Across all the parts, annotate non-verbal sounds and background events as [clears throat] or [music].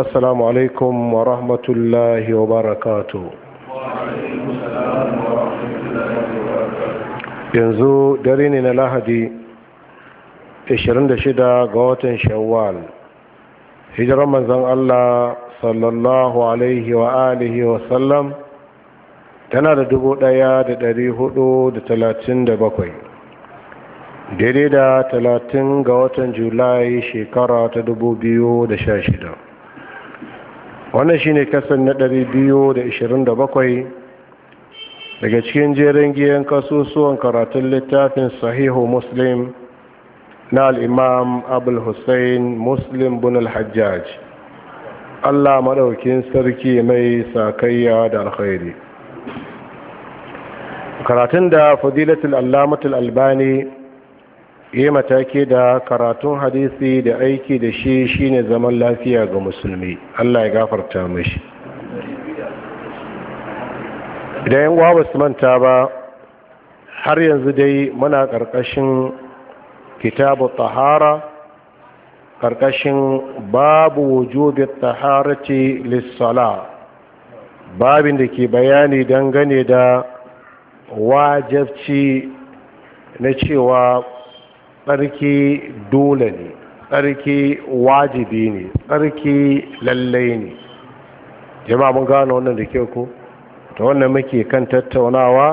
السلام عليكم ورحمة الله وبركاته yanzu dare ne na lahadi قوت ga watan shawwal hijirar manzon Allah tana da dubu ɗaya da sallam hudu da talatin da bakwai, daidai da talatin ga watan julai shekara ta dubu biyu da sha shida. wannan shine kasan na 227 daga cikin jerin giyan kasusuwan karatun littafin sahihu muslim na al'imam abul hussein muslim bin al-hajjaj allah maɗaukin sarki mai sakayya da alkhairi karatun da fadilatul allamatul albani yi mataki da karatun hadisi da aiki da shi shine zaman lafiya ga musulmi allah ya gafarta mashi idan yin uwa basu manta ba har yanzu dai muna ƙarƙashin kitabu tahara ƙarƙashin babu wujubi taharati lissala babin da ke bayani dangane da wajabci na cewa tsarki dole ne tsarki wajibi ne tsarki lallai ne jama'a mun gano wannan da ke ku ta wannan muke kan tattaunawa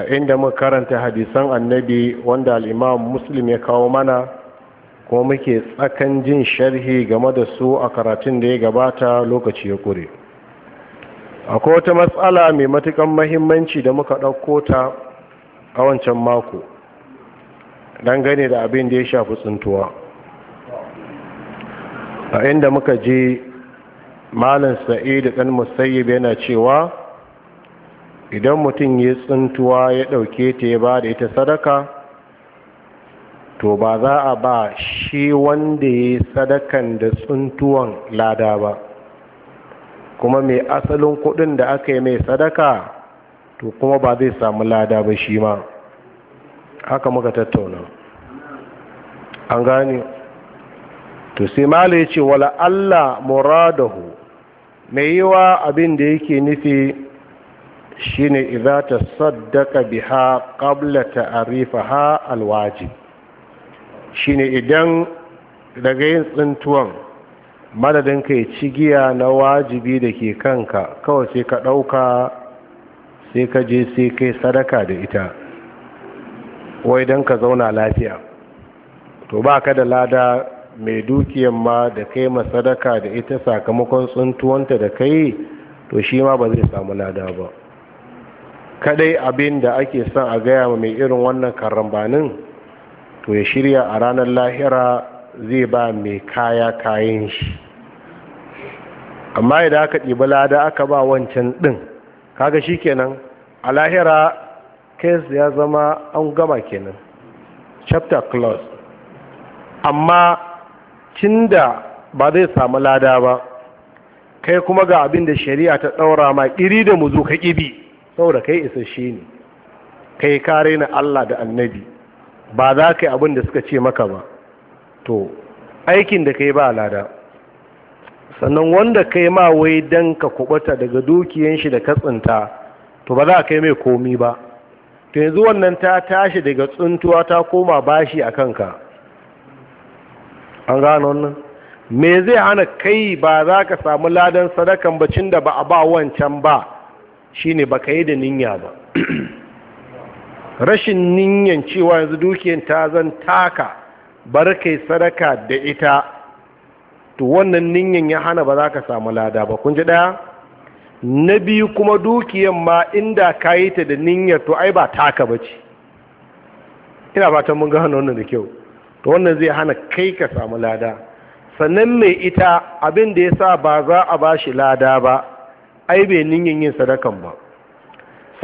a inda muka karanta hadisan annabi wanda al'imam muslim ya kawo mana kuma muke tsakan jin sharhi game da su a karatun da ya gabata lokaci ya kure akwai wata matsala mai matukan mahimmanci da muka ɗauko ta a wancan mako dangane da abin da ya shafi tsuntuwa a inda muka je malam sa'idu ɗan musayyib yana cewa idan mutum ya tsuntuwa ya ɗauke ta ya ba da ita sadaka to ba za a ba shi wanda ya sadakan da tsuntuwan lada ba kuma mai asalin kudin da aka yi mai sadaka to kuma ba zai samu lada ba shi ma haka muka tattauna an gane to sai mala ya ce wala Allah muradahu mai yiwa abin da yake nufi shine idza ta biha ha alwaji shi shine idan daga yin tsintuwan madadin ka ya ci na wajibi da ke kanka kawai sai ka ɗauka sai ka je sai kai sadaka da ita wai don ka zauna lafiya to ba ka da lada mai dukiyar ma da kai masadaka da ita sakamakon tsuntuwanta da kai to shi ma ba zai samu lada ba kadai abin da ake son a gaya ma mai irin wannan karambanin to ya shirya a ranar lahira zai ba mai kaya kayan shi amma idan aka ɗiba lada aka ba wancan ɗin kaga shi kenan a lahira case ya zama an gama kenan chapter close amma tinda ba zai samu lada ba kai kuma ga abin da shari'a ta daura ma ƙiri da mu zo ka ƙibi saboda kai isasshe ne kai kare na Allah da annabi ba za ka yi abin da suka ce maka ba to aikin da kai ba lada sannan wanda kai ma wai dan ka kubuta daga dukiyan shi da katsinta to ba za ka yi mai komi ba to yanzu wannan ta tashi daga tsuntuwa ta koma bashi a kanka an gano wannan me zai hana kai ba za ka samu ladan sadakan bacin da ba a ba wancan ba shine ba ka yi da ninya ba [clears throat] rashin ninyan cewa yanzu dukiyar ta zan taka bar kai sadaka da ita to wannan ninyan ya hana ba za ka samu lada ba kun ji daya na biyu kuma dukiyan ma inda ka yi ta da niyyar to ai ba taka ba ce ina fatan mun gano wannan da kyau to wannan zai hana kai ka samu lada sannan mai ita abin da ya sa ba za a ba shi lada ba ai bai niyyar yin sadakan ba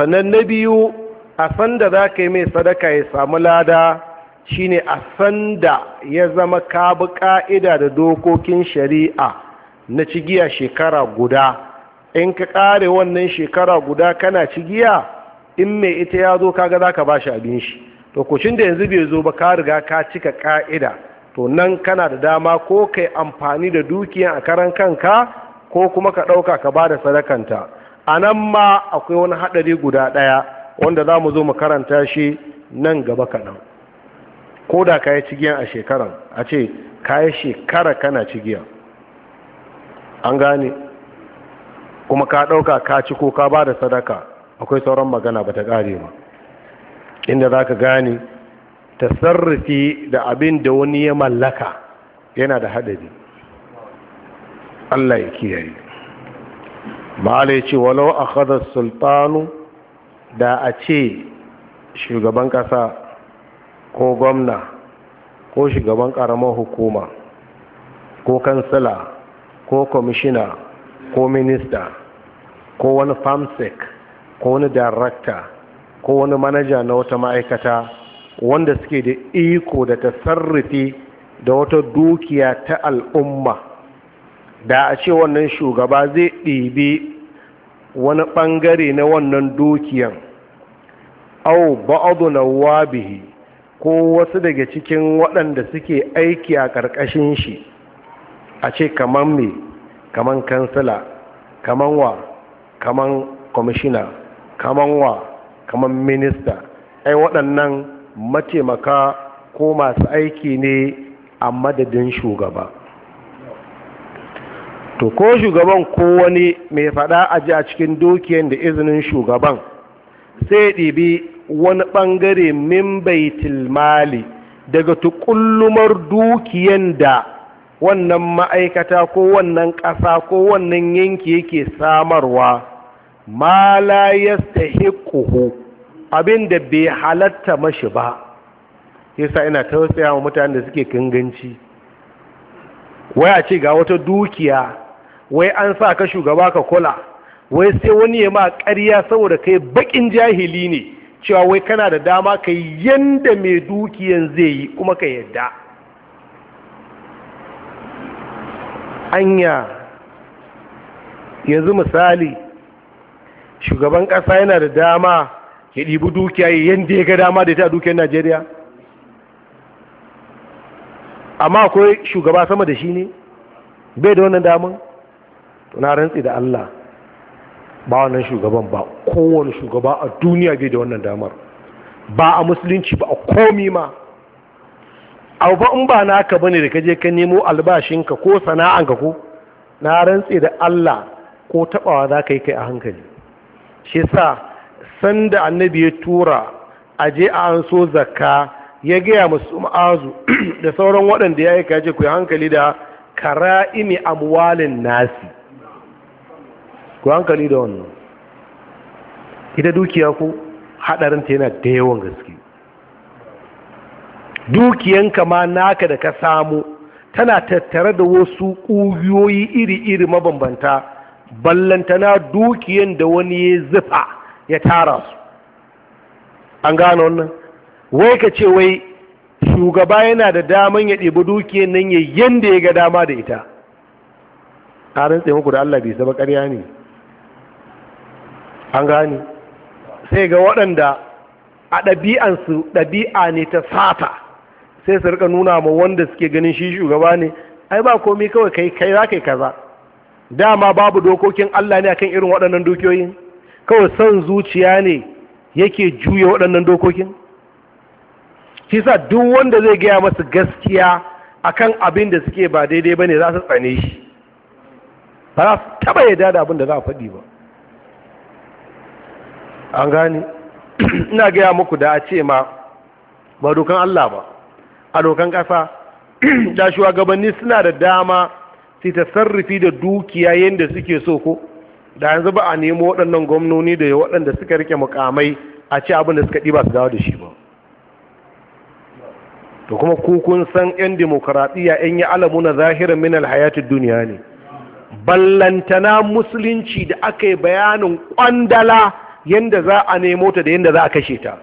sannan na biyu a sanda za ka yi mai sadaka ya samu lada shi ne a sanda ya zama ka bi ka'ida da dokokin shari'a na cigiya shekara guda in ka ƙare wannan shekara guda kana ci giya in mai ita ya zo kaga za ka ba shi abin shi to kucin da yanzu bai zo ba ka riga ka cika ka'ida to nan kana da dama ko ka yi amfani da dukiyan a karan kanka ko kuma ka ɗauka ka ba da sadakanta a nan ma akwai wani haɗari guda ɗaya wanda za mu zo mu karanta shi nan gaba kaɗan ko da ka yi cigiya a shekaran a ce ka yi shekara kana cigiya an gane kuma ka ɗauka ka ci ko ka ba da sadaka akwai sauran magana ba ta ƙare ba inda za ka gane ta sarrafi da abin da wani ya mallaka yana da haɗari Allah ya kiyaye ma'ala ya ce walau a hadar sultanu da a ce shugaban ƙasa ko gwamna ko shugaban ƙaramar hukuma ko kansila ko kwamishina ko minista ko wani famsec ko wani darakta ko wani manaja na wata ma'aikata wanda suke da iko da tasarrufi da wata dukiya ta al'umma da a ce wannan shugaba zai ɗibi wani ɓangare na wannan dukiyan au ba'adu na wabihi ko wasu daga cikin waɗanda suke aiki a ƙarƙashin shi a ce kamar mai kaman kansila kaman wa kaman kwamishina kaman wa kaman minista ai waɗannan mataimaka ko masu aiki ne a madadin shugaba to ko shugaban ko wani mai faɗa a ji a cikin dukiyar da izinin shugaban sai ɗibi wani ɓangare min baitul mali daga tukullumar dukiyar da wannan ma'aikata ko wannan ƙasa ko wannan yanki yake samarwa ma la yastahiquhu abin da bai halatta mashi ba yasa ina tausaya wa mutanen da suke kanganci wai a ce ga wata dukiya wai an sa ka shugaba ka kula wai sai wani ya ma ƙarya saboda kai baƙin jahili ne cewa wai kana da dama ka yanda mai dukiyan zai yi kuma ka yadda anya yanzu misali shugaban kasa yana da dama ya ɗibi dukiya yadda ya ga dama da ta dukiyar najeriya amma akwai shugaba sama da shi ne bai da wannan damar na rantsi da allah ba wannan shugaban ba kowane shugaba a duniya bai da wannan damar ba a musulunci ba a komi ma abu ba in ba naka bane da kaje ka nemo albashinka ko sana'anka ko na rantse da Allah ko tabawa za ka yi kai a hankali shi sa sanda annabi ya tura aje a an so zakka ya gaya masu ma'azu [clears throat] da sauran waɗanda ya yi kaje ku yi hankali da kara'imi amwalin nasi ku hankali da wannan ita dukiya ku haɗarinta yana da yawan gaske dukiyanka ma naka da ka samu tana tattare da wasu ƙugiyoyi iri-iri mabambanta ballantana dukiyan da wani ya zufa ya tara su an gano wannan wai ka ce wai shugaba yana da daman ya ɗebi dukiyan nan ya yanda ya ga dama da ita ƙarin tsaye muku da Allah bai saba ƙarya ne an gane sai ga waɗanda a ɗabi'ansu ɗabi'a ne ta sata sai su rika nuna ma wanda suke ganin shi shugaba ne ai ba komi kawai kai kai za kai kaza dama babu dokokin Allah ne akan irin waɗannan dokokin kawai san zuciya ne yake juya waɗannan dokokin shi sa duk wanda zai gaya masa gaskiya akan abin da suke ba daidai bane za su tsane shi ba za su taba yarda da abin da za a faɗi ba an gane [clears throat] ina gaya muku da a ce ma ba dokan Allah ba a dokan ƙasa da [clears throat] shugabanni suna da dama su ta sarrafi da dukiya yadda suke so ko da yanzu ba a nemo waɗannan gwamnoni da waɗanda suka rike mukamai a ci abin da suka ɗiba su dawo da shi ba to kuma kun san 'yan demokuraɗiyya 'yan yi alamu na zahirar min alhayatun duniya ne ballantana musulunci da aka yi bayanin ƙwandala yadda za a nemo ta da yadda za a kashe ta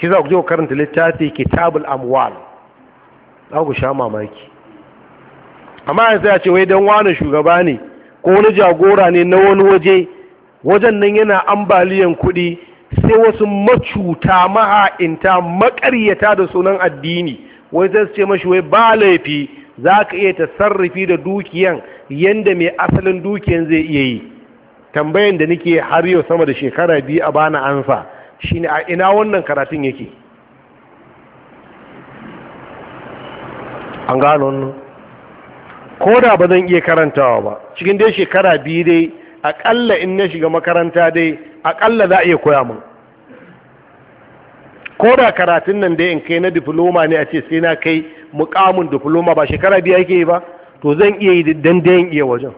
shi za ku je ku karanta littafi kitabul amwal za ku sha mamaki amma yanzu a ce wai dan wani shugaba ne ko wani jagora ne na wani waje wajen nan yana ambaliyan kuɗi sai wasu macuta maha'inta makaryata da sunan addini wai zai ce mashi wai ba laifi za ka iya sarrafi da dukiyan yadda mai asalin dukiyan zai iya yi tambayan da nake har yau sama da shekara biyu a bana ansa Shin a ina wannan karatun yake an gano nan ko da ba zan iya karantawa ba cikin dai shekara biyu dai akalla in na shiga makaranta dai akalla za a iya koya mun ko da karatun nan dai in kai na diploma ne a ce sai na kai mukamin diploma ba shekara biyu ake yi ba to zan iya yi da dandayin iya wajen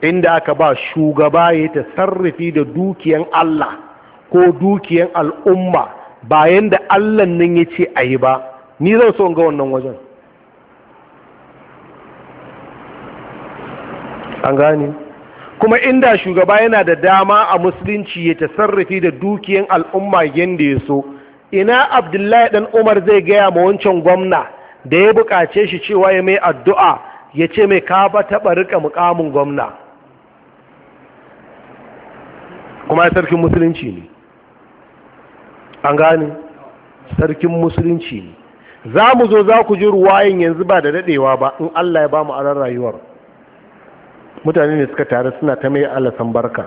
inda aka ba shugaba ya ta sarrafi da dukiyan Allah ko dukiyan al'umma bayan da allah nan ya ce a yi ba ni zan so ga wannan wajen an gane kuma inda shugaba yana da dama a musulunci ya tasarrafi da dukiyan al'umma yadda ya so ina abdullahi dan umar zai gaya ma wancan gwamna da ya buƙace shi cewa ya mai addu'a ya ce mai kafa taɓa rika mukamin gwamna kuma ya sarkin musulunci ne an gane sarkin musulunci ne za mu zo za ku ji ruwayen yanzu ba da daɗewa ba in allah ya ba mu aran rayuwar mutane ne suka tare suna ta mai alasan barka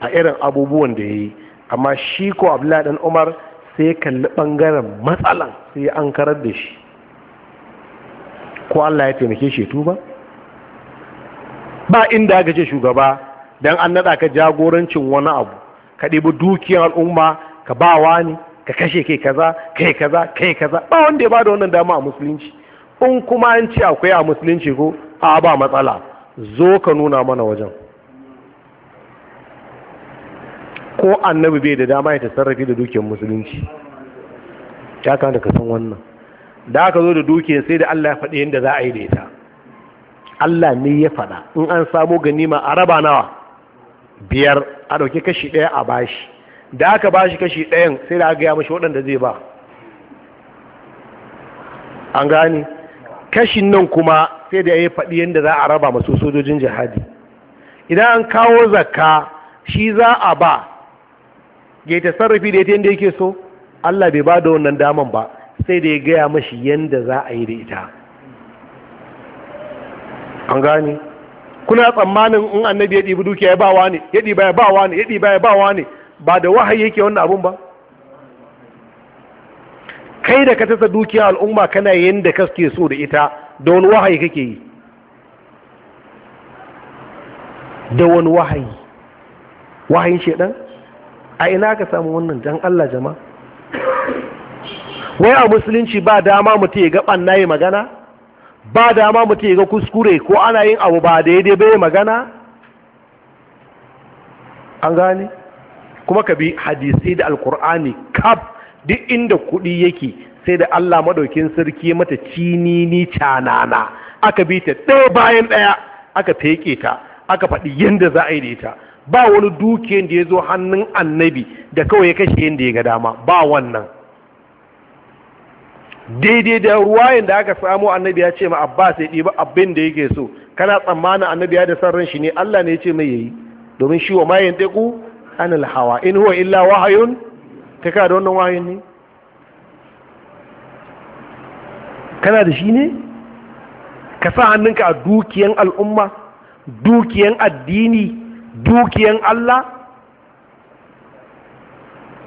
a irin abubuwan da ya yi amma shi ko abdullahi umar sai ya kalli ɓangaren matsalan sai an karar da shi ko allah ya taimake shi tuba ba inda aka ce shugaba don an naɗa ka jagorancin wani abu ka ɗibi dukiyar al'umma ka ba wani ka kashe kai kaza kai kaza kai kaza ba wanda ya da wannan dama a musulunci in kuma an ce akwai a musulunci ko a ba matsala zo ka nuna mana wajen ko annabi bai da dama ya tasarrafi da dukiyar musulunci ya kamata ka san wannan da aka zo da dukiyar sai da Allah ya faɗi yadda za a yi da ita Allah ne ya faɗa in an samu ganima a raba nawa biyar a ɗauki kashi ɗaya a bashi da aka ba shi kashi ɗayan sai da aka gaya mashi waɗanda zai ba an gani kashin nan kuma sai da ya yi faɗi yadda za a raba masu sojojin jihadi idan an kawo zakka shi za a ba ya ta sarrafi da ita yadda yake so allah bai ba da wannan daman ba sai da ya gaya mashi yadda za a yi da ita an gani kuna tsammanin in annabi ya ɗibi dukiya ya ba wa ne ya ɗiba ya wa ne ya ɗiba ya wa ne ba da wahayi yake wannan abun ba kai da ka tasa dukiya al'umma kana yin da kaske so da ita da wani wahayi kake yi da wani wahayi wahayin shaidan a ina ka samu wannan don Allah jama'a wai a musulunci ba dama mutu ya ga na ya magana ba dama mutu ya ga kuskure ko ana yin abu ba daidai bai magana an gane kuma ka bi hadisai da alkur'ani kaf duk inda kuɗi yake sai da Allah madaukin sarki mata cinini canana aka bi ta ɗaya bayan ɗaya aka feke ta aka faɗi yadda za a yi da ita ba wani dukiyar da ya zo hannun annabi da kawai ya kashe yadda ya ga dama ba wannan daidai da ruwa da aka samu annabi ya ce ma abbas ya ɗiba abin da yake so kana tsammanin annabi ya da san ran shi ne allah ne ya ce mai yayi domin shi wa mayan ɗaiku anil hawa in huwa illa wahayun ta ka da wannan wahayin ne kana da shi ne ka sa hannunka a dukiyan al'umma dukiyan addini dukiyan Allah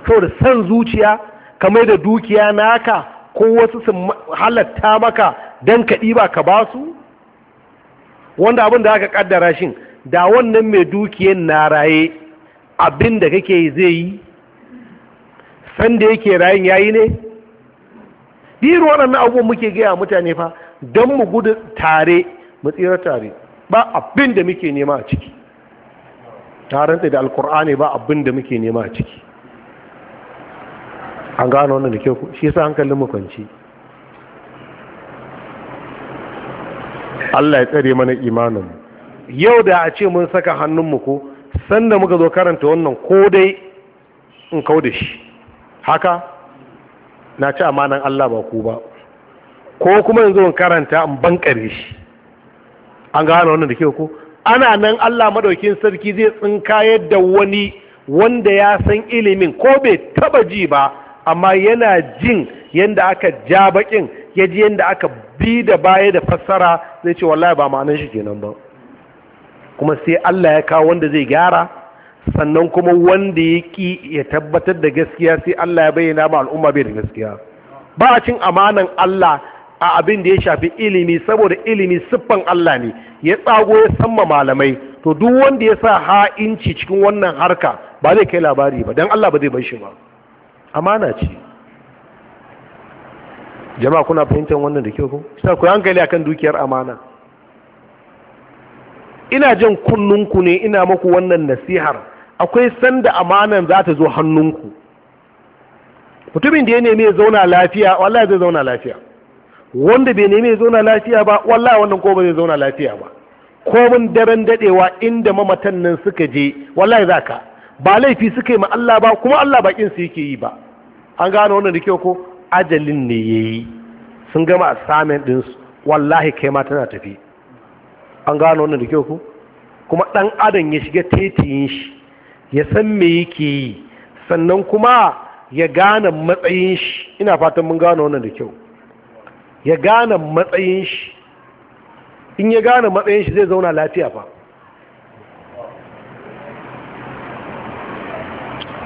da san zuciya kamar da dukiya naka ko wasu sun halatta maka don ka ɗiba ka ba su wanda abin da aka ƙaddara shin da wannan mai dukiyan na raye abin da kake yi zai yi sanda yake rayin yayi ne biyu waɗannan abubuwan muke gaya mutane fa don mu gudu tare mu tsira tare ba abin da muke nema a ciki taron da alkur'ani ba abin da muke nema a ciki an gano wannan da kyau shi sa hankalin mu kwanci Allah ya tsare mana imanin yau da a ce mun saka hannunmu ko sanda muka zo karanta wannan ko dai in kau da shi haka na ci amanan Allah ba ku ba ko kuma yanzu in karanta in bankare shi an gane wannan da ke ko ana nan Allah madaukin sarki zai tsinka da wani wanda ya san ilimin ko bai taba ji ba amma yana jin yadda aka ja bakin ya ji yanda aka bi da baya da fassara zai ce wallahi ba ma'anan shi kenan ba kuma sai Allah ya kawo wanda zai gyara sannan kuma wanda ya ki ya tabbatar da gaskiya sai Allah ya bayyana ma al'umma bai da gaskiya ba a cin amanan Allah a abin da ya shafi ilimi saboda ilimi siffan Allah ne ya tsago ya samma malamai to duk wanda ya sa ha'inci cikin wannan harka ba zai kai labari ba don Allah ba zai bar shi ba amana ce jama'a kuna fahimtar wannan da kyau ko sai ku hankali akan dukiyar amana ina jan kunnunku ne ina maku wannan nasihar akwai sanda amanan za ta zo hannunku mutumin da ya nemi ya zauna lafiya wallahi zai zauna lafiya wanda bai nemi ya zauna lafiya ba wallahi wannan ko zai zauna lafiya ba komin daren dadewa inda mamatan nan suka je wallahi ka ba laifi suka yi ma Allah ba kuma Allah bakin su yake yi ba an gano wannan da kyau ko ajalin ne yayi sun gama assignment din su wallahi kai ma tana tafiya. an gano wannan da kyau kuma ɗan adam ya shiga tetiyin shi ya san me yake yi sannan kuma ya gane matsayin shi ina fatan mun gano wannan da kyau ya gane matsayin shi in ya gane matsayin shi zai zauna lafiya fa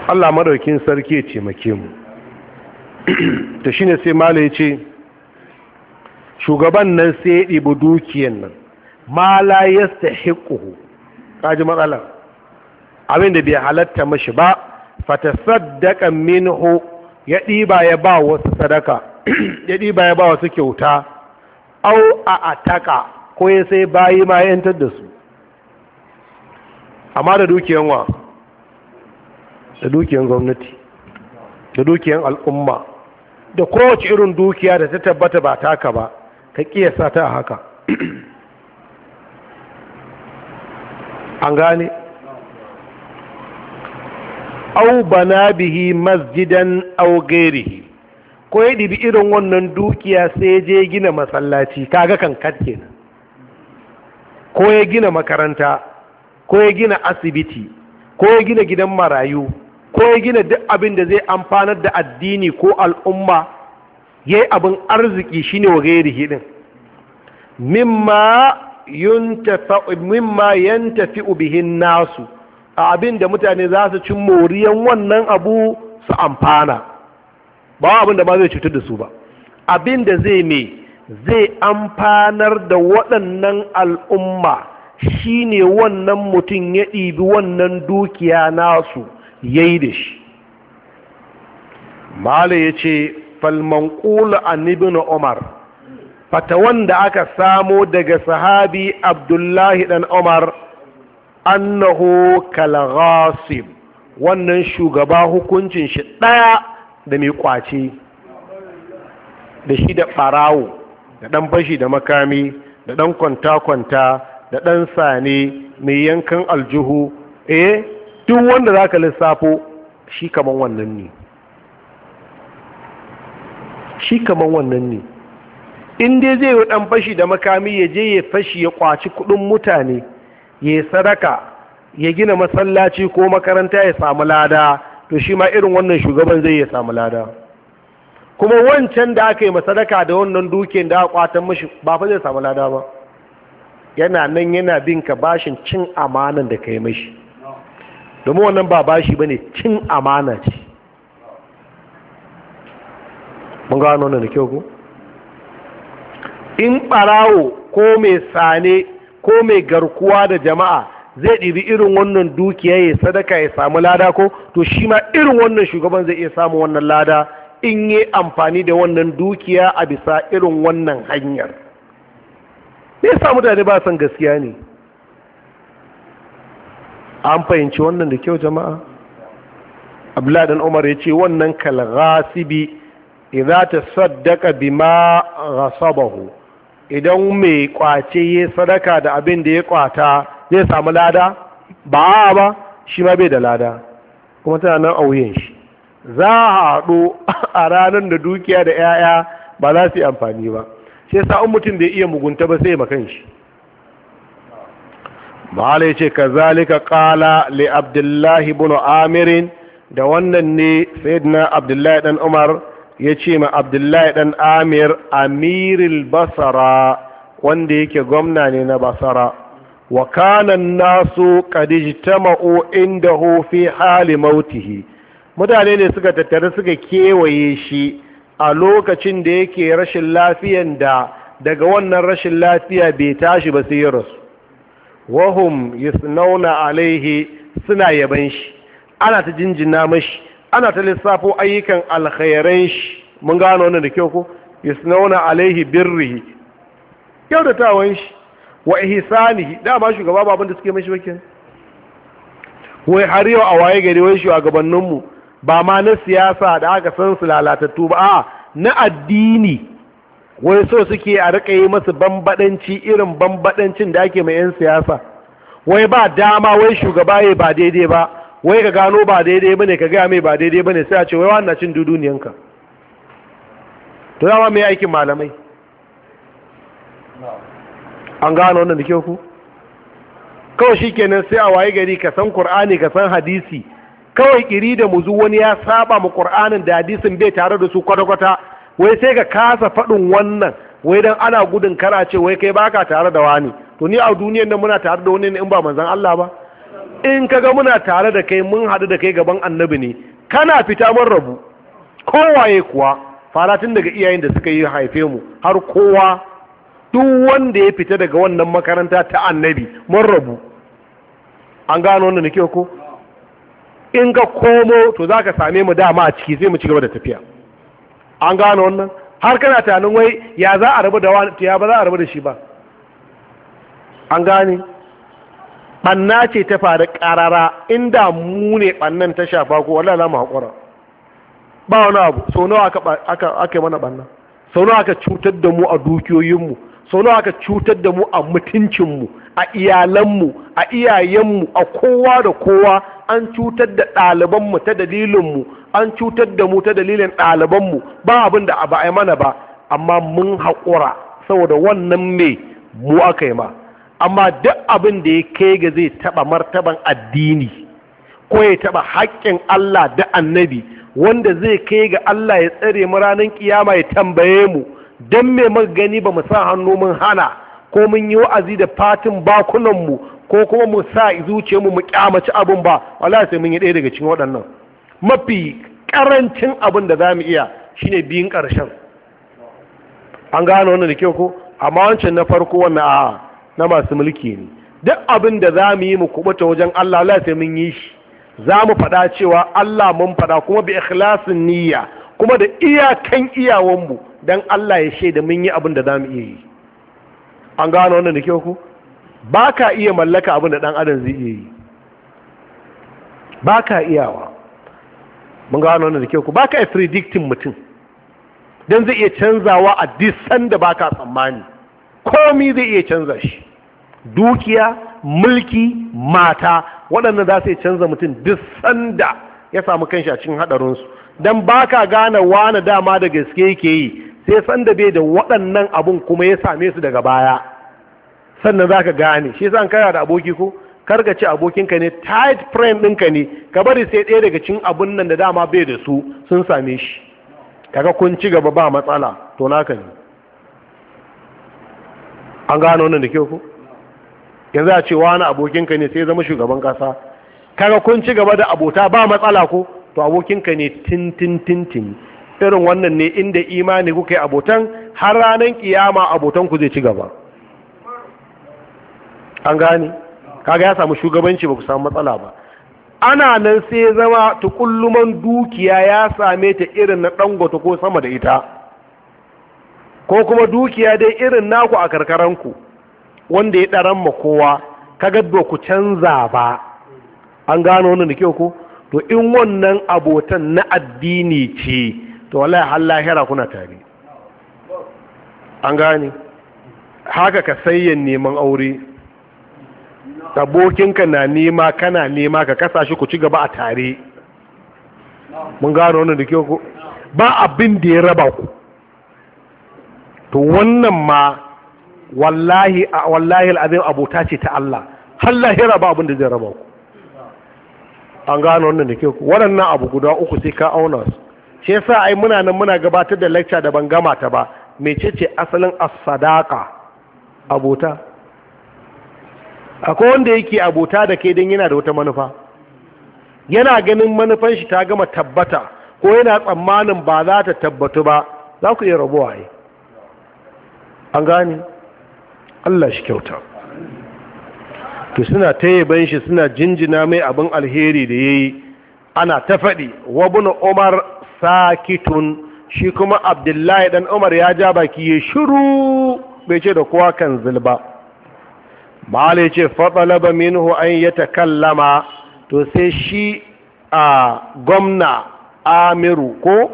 Allah madaukin sarki ya taimake mu ta [clears throat] shine sai malai ya ce shugaban nan sai ya ɗibi dukiyan nan ma la yastahiquhu kaji matsalar abin da bai halatta mashi ba fatasaddaqa minhu ya ɗiba ya ba wasu sadaka [clears throat] ya ɗiba ya ba wasu kyauta au a ataka ko ya sai bayi ma yantar da su amma da dukiyan wa da dukiyan gwamnati da dukiyan al'umma da kowace irin dukiya da ta tabbata ba taka ba ka kiyasa ta haka an gane au bana bihi masjidan au gairihi ko ya ɗibi irin wannan dukiya sai je gina masallaci kaga katke nan ko ya gina makaranta ko ya gina asibiti ko ya gina gidan marayu ko ya gina duk abin da zai amfanar da addini ko al'umma ya yi abin arziki shine wa gairihi din mimma mimma yantafi bihin nasu a abin da mutane za su cin moriyan wannan abu su amfana ba abin da ba zai cutar da su ba abin da zai mai zai amfanar da waɗannan al'umma shine wannan mutum ya ɗibi wannan dukiya nasu ya yi da shi mala ya ce falman a umar fatawan wanda aka samo daga sahabi abdullahi dan umar annahu kalghasib wannan shugaba hukuncin shi ɗaya da mai kwace da shi da ɓarawo da ɗan bashi da makami da ɗan kwanta-kwanta da ɗan sane mai yankan aljihu eh duk wanda za ka lissafo shi kaman wannan ne shi kaman wannan ne in dai zai yi ɗan fashi da makami ya je ya fashi ya kwaci kuɗin mutane ya sadaka ya gina masallaci ko makaranta ya samu lada to shi ma irin wannan shugaban zai ya samu lada kuma wancan da aka yi masadaka da wannan dukiyar da aka kwatan mashi ba fa zai samu lada ba yana nan yana bin ka bashin cin amanan da ka yi mashi domin wannan ba bashi bane cin amana ce mun gano wannan da kyau ko in ɓarawo ko mai sane ko mai garkuwa da jama'a zai ɗibi irin wannan dukiya ya sadaka ya samu lada ko to shi ma irin wannan shugaban zai iya samu wannan lada in yi amfani da wannan dukiya a bisa irin wannan hanyar me yasa mutane ba san gaskiya ne an fahimci wannan da kyau jama'a abladin umar ya ce wannan kalghasibi idza tasaddaqa bima ghasabahu idan mai kwace ya sadaka da abin da ya kwata zai samu lada ba ba shi ma bai da lada kuma tana nan auyen shi za a haɗu a ranar da dukiya da 'ya'ya ba za su yi amfani ba sai sa in mutum bai iya mugunta ba sai makan shi mahala ya ce ka zalika kala li abdullahi bin amirin da wannan ne sayyidina abdullahi dan umar ya ce ma abdullahi ɗan amir amiril basara wanda yake gwamna ne na basara wa kanan nasu kadijtama'u indahu fi hali mautihi mutane ne suka tattare suka kewaye shi a lokacin da yake rashin lafiyan da daga wannan rashin lafiya bai tashi ba sai rasu wahum yasnauna alaihi suna yaban shi ana ta jinjina mashi ana ta lissafo ayyukan alkhairan shi mun gano wannan da kyau ko yasnauna alaihi birrihi kyautatawan shi wa ihsanihi ba shugaba ba abin da suke mashi bakin wai har yau a waye gari wai shugabannin mu ba ma na siyasa da aka san su lalatattu ba a na addini wai so suke a rika yi masa bambadanci irin bambadancin da ake mai yan siyasa wai ba dama wai shugaba ya ba daidai ba wai ka gano ba daidai bane ka gaya mai ba daidai bane sai a ce wai wannan cin duduniyanka to dama mai aikin malamai an gano wannan da ke ku kawai shi kenan sai a waye gari ka san qur'ani ka san hadisi kawai kiri da muzu wani ya saba mu qur'anin da hadisin bai tare da su kwata-kwata wai sai ka kasa faɗin wannan wai dan ana gudun kana ce wai kai baka tare da wani to ni a duniyar nan muna tare da wani in ba manzon Allah ba in kaga muna tare da kai mun haɗu da kai gaban annabi ne kana fita mun rabu kowaye kuwa faratun daga iyayen da suka yi haife mu har kowa duk wanda ya fita daga wannan makaranta ta annabi mun rabu an gano wanda nake ko in ka komo to za ka same mu dama a ciki sai mu ci gaba da tafiya an gano wannan har kana tunanin wai ya za a rabu da wani ya ba za a rabu da shi ba an gane ɓanna ce ta faru ƙarara inda mu ne bannan ta shafa ko wallahi za haƙura ba wani abu sau nawa aka yi mana banna sau nawa aka cutar da mu a dukiyoyinmu sau nawa aka cutar da mu a mutuncinmu a iyalanmu a iyayenmu a kowa da kowa an cutar da ɗalibanmu ta dalilinmu an cutar da mu ta dalilin ɗalibanmu ba abin da ba a yi mana ba amma mun haƙura saboda wannan me mu aka yi ma amma duk abin da ya kai ga zai taba martaban addini ko ya taba haƙƙin Allah da annabi wanda zai kai ga Allah ya tsare mu ranar kiyama ya tambaye mu dan me magani gani ba mu sa hannu mun hana ko mun yi wa'azi da fatin bakunan mu ko kuma mu sa zuciyar mu mu kyamaci abin ba wallahi sai mun yi ɗaya daga cikin waɗannan mafi karancin abin da zamu iya shine biyun ƙarshen an gane wannan da kyau ko amma wancan na farko wannan a'a na masu mulki ne duk abin da za mu yi mu kubuta wajen Allah Allah sai mun yi shi za mu faɗa cewa Allah mun faɗa kuma bi ikhlasin niyya kuma da iyakan mu don Allah ya shaida mun yi abin da za mu iya yi an gano wannan da kyau ku ba ka iya mallaka abin da dan adam zai iya yi ba ka iyawa mun gano wannan da kyau ku ba ka predicting mutum don zai iya canzawa a disan da ba ka tsammani komi zai iya canza shi dukiya mulki mata waɗanda za su canza mutum duk sanda ya samu kanshi a cikin haɗarinsu don ba ka gane wane dama da gaske yake yi sai sanda bai da waɗannan abun kuma ya same su daga baya sannan za ka gane shi sa kara da aboki ko karka ci abokinka ne tight friend ɗinka ne ka bari sai ɗaya daga cikin abun nan da dama bai da su sun same shi kaga kun ci gaba ba matsala to naka ne an gano nan da kyau ko yanzu a ce wani abokinka ne sai zama shugaban kasa kaga kun ci gaba da abota ba matsala ko to abokinka ne tintintintin irin wannan ne inda imani kuka yi abotan har ranar kiyama abotan ku zai ci gaba an gane kaga ya samu shugabanci ba ku samu matsala ba ana nan sai zama tukulluman dukiya ya same ta irin na dangote ko sama da ita ko kuma dukiya dai irin naku a karkaranku wanda ya ɗaran ma kowa ka ba ku canza ba an gano wani da kyau ku? to in wannan abotan na addini ce to wallahi har lahira kuna tare an gane haka ka sayyan neman aure abokinka na nema kana nema ka kasa shi ku ci gaba a tare mun gano wani da kyau ku? ba abin da ya raba ku to wannan ma wallahi wallahi al'azim abota ce ta Allah Allah ya raba abin da zai raba ku an gano wannan da ke ku waɗannan abu guda uku sai ka auna su shi yasa ai muna nan muna gabatar da lecture da ban gama ta ba mecece asalin as-sadaqa abota akwai wanda yake abota da kai don yana da wata manufa yana ganin manufan shi ta gama tabbata ko yana tsammanin ba za ta tabbatu ba za ku iya rabuwa yi an gani Allah shi kyauta to suna tayyaban shi suna jinjina mai abin alheri da ya yi. ana ta faɗi wabun umar sakitun shi kuma abdullahi ɗan umar ya ja baki ya shiru bai ce da kowa kan zilba mala ya ce ba minhu an ta kallama. to sai shi a gwamna amiru ko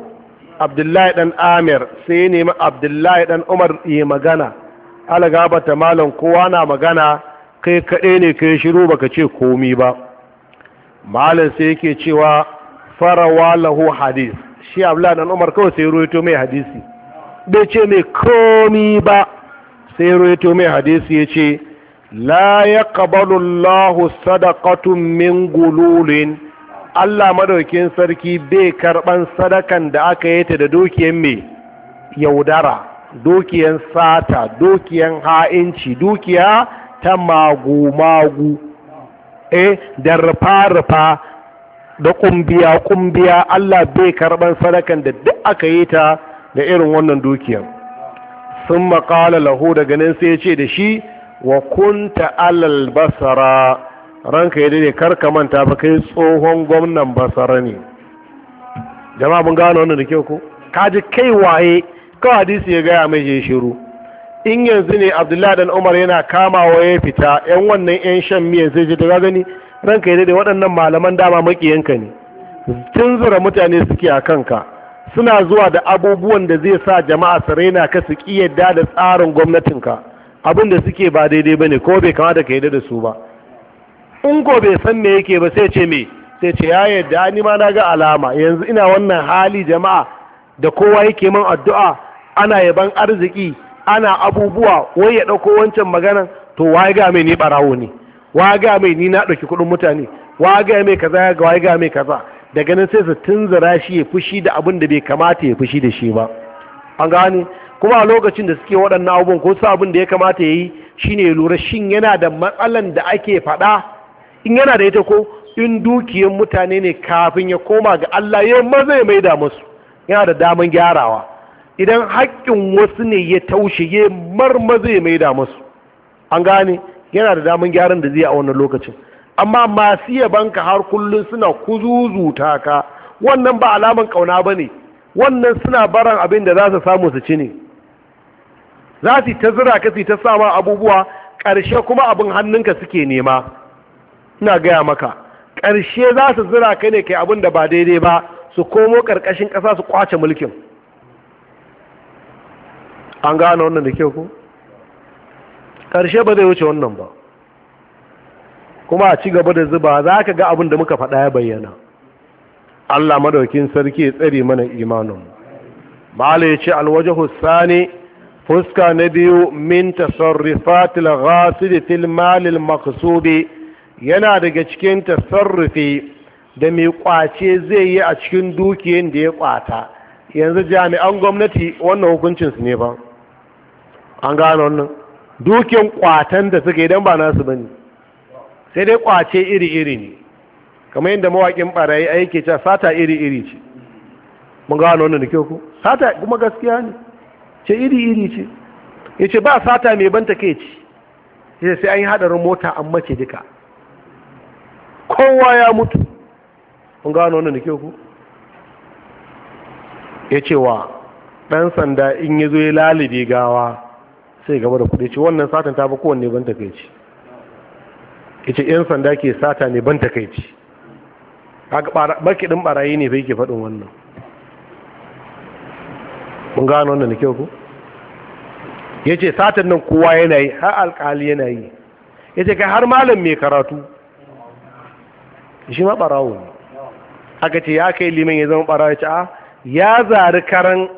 abdullahi ɗan amir sai ne nemi abdullahi ɗan umar ya magana algaba ta malam kowa na magana kai kaɗai ne kai shiru baka ce komi ba malam sai yake cewa farawa lahu hadis shi abla dan umar kawai sai ruwaito mai hadisi bai ce mai komi ba sai ruwaito mai hadisi ya ce la ya kabalullahu sadakatun min gululin allah madaukin sarki bai karban sadakan da aka yi ta da dukiyar mai yaudara dukiyan sata dukiyan ha'inci dukiya ta magu-magu eh da rufa-rufa da kumbiya-kumbiya Allah bai karban sadakan da duk aka yi ta da irin wannan dukiyan sun makala lahu daga nan sai ce da shi wa kunta alal basara ranka ya ne karka manta ba kai tsohon gwamnan basara ne jama'a mun gano wannan da kyau ko kaji kai waye kawai hadisi ya gaya mai yin shiru in yanzu ne abdullahi dan umar yana kamawa ya fita yan wannan yan shan miyan sai ce daga gani ranka yi daidai waɗannan malaman dama yanka ne Tun zura mutane suke a kanka suna zuwa da abubuwan da zai sa jama'a su raina ka su yadda da tsarin gwamnatinka abin da suke ba daidai ba ne ko bai kamata ka yadda da su ba in ko bai san me yake ba sai ce me sai ce ya yadda ni ma na ga alama yanzu ina wannan hali jama'a da kowa yake min addu'a ana yaban arziki ana abubuwa wai ya ɗauko wancan magana to waye ga mai ni ɓarawo ne waye ga mai ni na ɗauki kuɗin mutane waye ga mai kaza ga waye ga mai kaza daga nan sai su tunzura shi ya fushi da abin da bai kamata ya fushi da shi ba an gane kuma a lokacin da suke waɗannan abubuwan ko su abin da ya kamata ya yi shine lura shin yana da matsalan da ake faɗa in yana da ita ko in dukiyan mutane ne kafin ya koma ga Allah ya zai mai maida musu yana da daman gyarawa idan haƙƙin wasu ne ya taushe ya marmaza mai maida musu an gane yana da daman gyaran da zai a wannan lokacin amma masu banka har kullum suna kuzuzuta ka wannan ba alaman kauna ba ne wannan suna baran abin da za su samu su ci ne za su ta zira ka su ta sama abubuwa ƙarshe kuma abin hannunka suke nema ina gaya maka ƙarshe za su zira ka ne kai abin da ba daidai ba su komo ƙarƙashin ƙasa su kwace mulkin an gane wannan da kyau ku? ƙarshe ba zai wuce wannan ba kuma a ci gaba da zuba za ka ga abin da muka faɗa ya bayyana allah madaukin sarki ya tsare mana imanin mala ya ce alwaje sani fuska na biyu min tasarrifatil ghasidatil malil maqsubi yana daga cikin tasarrufi da mai kwace zai yi a cikin dukiyar da ya kwata yanzu jami'an gwamnati wannan hukuncinsu ne ba an gano wannan dukin kwatan da suka idan ba nasu ba ne sai dai kwace iri-iri ne kamar yadda mawaƙin ɓarayi a yake sata iri-iri ce mun gano wannan da kyau ku sata kuma gaskiya ne ce iri-iri ce ya ce ba sata mai banta kai ce ya sai an yi haɗarin mota an mace duka kowa ya mutu mun gano wannan da kyau ku ya ce wa ɗan sanda in ya zo ya lalibe gawa sai gaba da kudi ce wannan satan ta fi kowanne ban takaici ita yan sanda ke sata ne ban takaici baki ɗin barayi ne fa yake faɗin wannan mun gano wannan da kyau ku ya ce satan nan kowa yana yi har alkali yana yi ya ce kai har malam mai karatu shi ma barawo ne aka ce ya kai liman ya zama ɓarawo ya ce a ya zari karan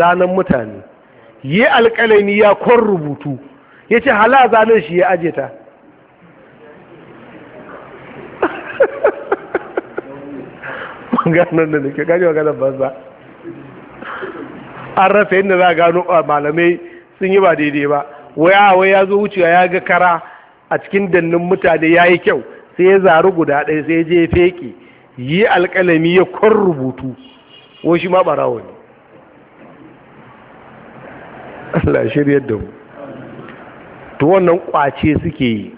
zanen mutane yi alƙalami ya kwan rubutu ya ce hala zanen shi ya aje ta [laughs] ganar da nake gani maganar banza an rasa yadda za a gano malamai sun yi ba daidai ba waya wai ya zo wucewa ya ga kara a cikin dannin mutane ya yi kyau sai ya zaru guda ɗaya sai ya je feke yi alƙalami ya kwan rubutu ko shi ma ɓarawo ne Allah shirya da mu to wannan kwace suke yi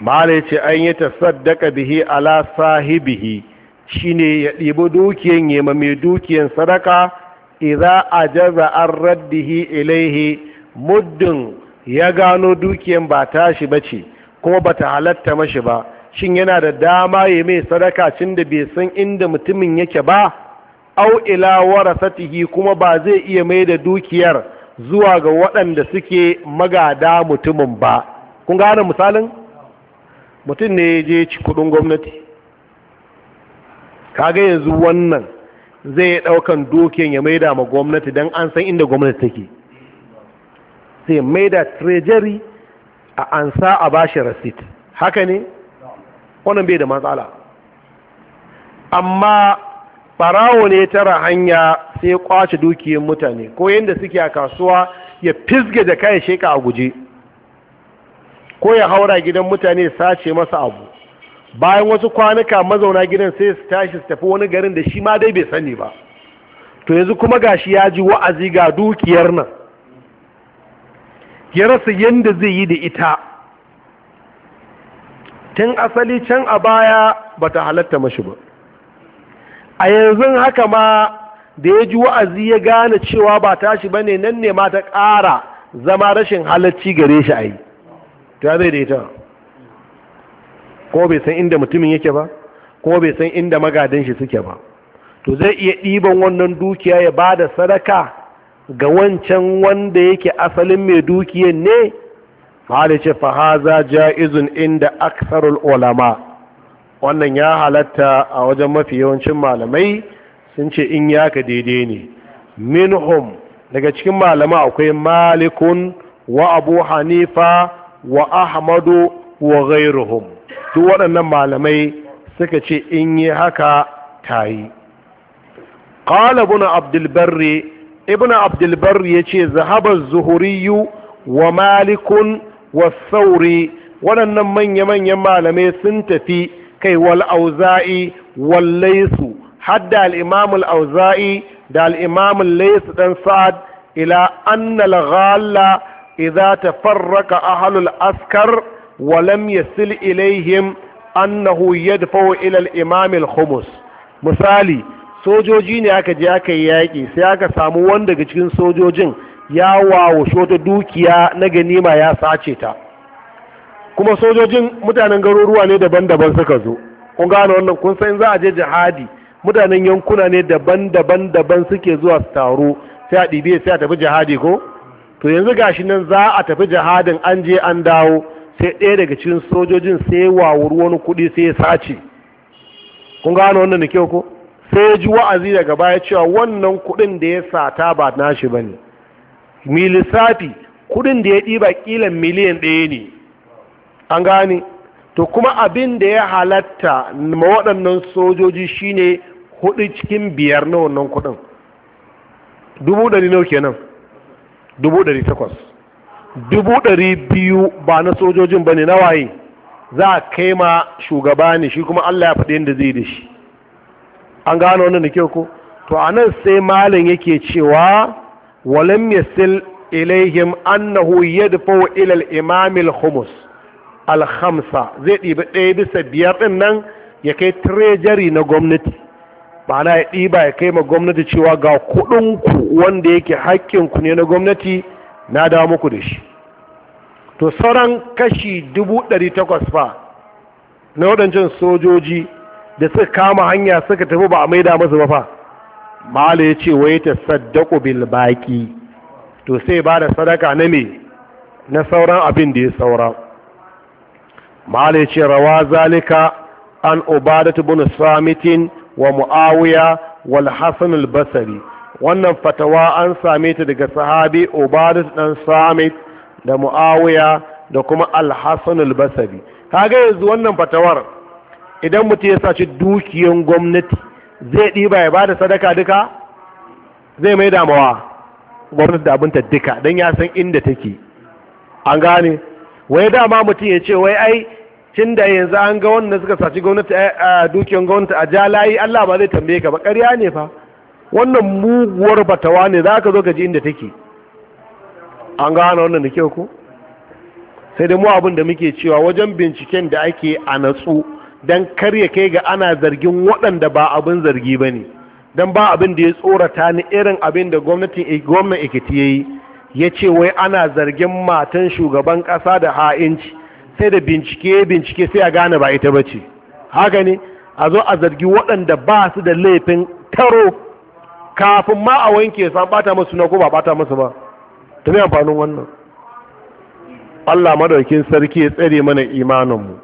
mala ce an yi tasaddaka bihi ala sahibihi shine ya ɗibi dukiyan yema mai dukiyan sadaka idza ajaza ar raddihi ilaihi muddin ya gano dukiyan ba tashi bace kuma bata halatta mashi ba shin yana da dama ya mai sadaka cin da bai san inda mutumin yake ba au ila warasatihi kuma ba zai iya mai da dukiyar zuwa ga waɗanda suke magada mutumin ba kun gane misalin mutum ne ya je ci kudin gwamnati kaga yanzu wannan zai yi ɗaukan dokin ya maida ma gwamnati don an san inda gwamnati take sai maida treasury a ansa a ba shi rasit haka ne wannan bai da matsala amma barawo ne tara hanya sai ya kwace dukiyar mutane ko yadda suke a kasuwa ya fisge da kayan sheka a guje ko ya haura gidan mutane sace masa abu bayan wasu kwanuka mazauna gidan sai su tashi su tafi wani garin da shi ma dai bai sani ba to yanzu kuma ga shi ya ji wa'azi ga dukiyar nan ya rasa yadda zai yi da ita tun asali can a baya bata halatta mashi ba a yanzu haka ma da ya ji wa'azi ya gane cewa ba tashi ba ne nan ne ma ta ƙara zama rashin halarci gare shi a yi ta zai da ita ko bai san inda mutumin yake ba ko bai san inda magadan shi suke ba to zai iya ɗiban wannan dukiya ya ba da sadaka ga wancan wanda yake asalin mai dukiyar ne ma da ce fahaza ja'izun inda aksarul ulama wannan ya halatta a wajen mafi yawancin malamai sun ce in yaka daidai ne minhum daga cikin malama akwai malikun wa abu hanifa wa ahmadu wa ghairuhum duk waɗannan malamai suka ce in yi haka tayi qala ibn abdul barri ibn abdul barri yace zahaba zuhuri wa malikun wa sauri waɗannan manya-manyan malamai sun tafi kai wal auza'i wal laysu hadda al imam auza'i da al imam al dan sa'ad ila anna ghalla idza tafarraqa ahlu askar wa lam yasil ilaihim annahu yadfa'u ila al al khumus misali sojoji ne aka je aka yi yaƙi sai aka samu wanda daga cikin sojojin ya wawo ta dukiya na ganima ya sace ta kuma sojojin mutanen garuruwa ne daban-daban suka zo kun gane wannan kun san za a je jihadi mutanen yankuna ne daban-daban daban suke zuwa su taro sai a ɗibe sai a tafi jihadi ko to yanzu gashi nan za a tafi jihadin an je an dawo sai ɗaya daga cikin sojojin sai wawuri wani kuɗi sai ya sace kun gane wannan da kyau ko sai ya ji wa'azi daga baya cewa wannan kuɗin da ya sata ba nashi bane mi lissafi kuɗin da ya ɗiba ƙilan miliyan ɗaya ne an gane to kuma abin da ya halatta ma waɗannan sojoji shine hudu cikin biyar na wannan kudin dubu ɗari nau kenan dubu ɗari takwas dubu ɗari biyu ba na sojojin ba ne na waye za a kai ma shugaba ne shi kuma allah ya faɗi yadda zai da shi an gano wannan da kyau ko to a nan sai malin yake cewa walam yasil ilaihim annahu yadfa ila al-imam al-khums alhamsa zai ɗiba ɗaya bisa biyar ɗin nan ya kai trejari na gwamnati na ya ɗiba ya kai ma gwamnati cewa ga kuɗinku wanda yake haƙƙinku ne na gwamnati na dawo muku da shi to sauran kashi dubu ɗari takwas fa na waɗancan sojoji da suka kama hanya suka tafi ba a maida masu ba fa ma'ala ya ce wai ta saddaƙo bil baƙi to sai ba da sadaka na me na sauran abin da ya saura mala ce rawa zalika an ubadatu bin samitin wa mu'awiya wal hasan al-basri wannan fatawa an same ta daga sahabi ubadatu dan samit da mu'awiya da kuma al-hasan al-basri kaga yanzu wannan fatawar idan mutum ya saci dukiyan gwamnati zai ɗiba ya bada sadaka duka zai mai damawa gwamnati da abinta duka don ya san inda take an gane wai dama mutum ya ce wai ai tun da yanzu an ga wanda suka saci gwamnati eh, a dukiyar gwamnati a jalayi Allah ba zai tambaye ka ba ƙarya ne fa wannan muguwar batawa ne za ka zo ka ji inda take an gane wannan da kyau ko sai dai mu abin da muke cewa wajen binciken da ake a natsu don karya kai ga ana zargin waɗanda ba abin zargi ba ne don ba abin da ya tsorata ni irin abin da gwamnati, eh, gwamnan ekiti ya yi ya ce wai ana zargin matan shugaban ƙasa da ha'inci sai da bincike bincike sai a gane ba ita bace haka ne a zo a zargi waɗanda ba su da laifin taro kafin ma a wanke su an bata masu na ko ba bata masu ba ta mai amfanin wannan Allah madaukin sarki ya tsare mana imaninmu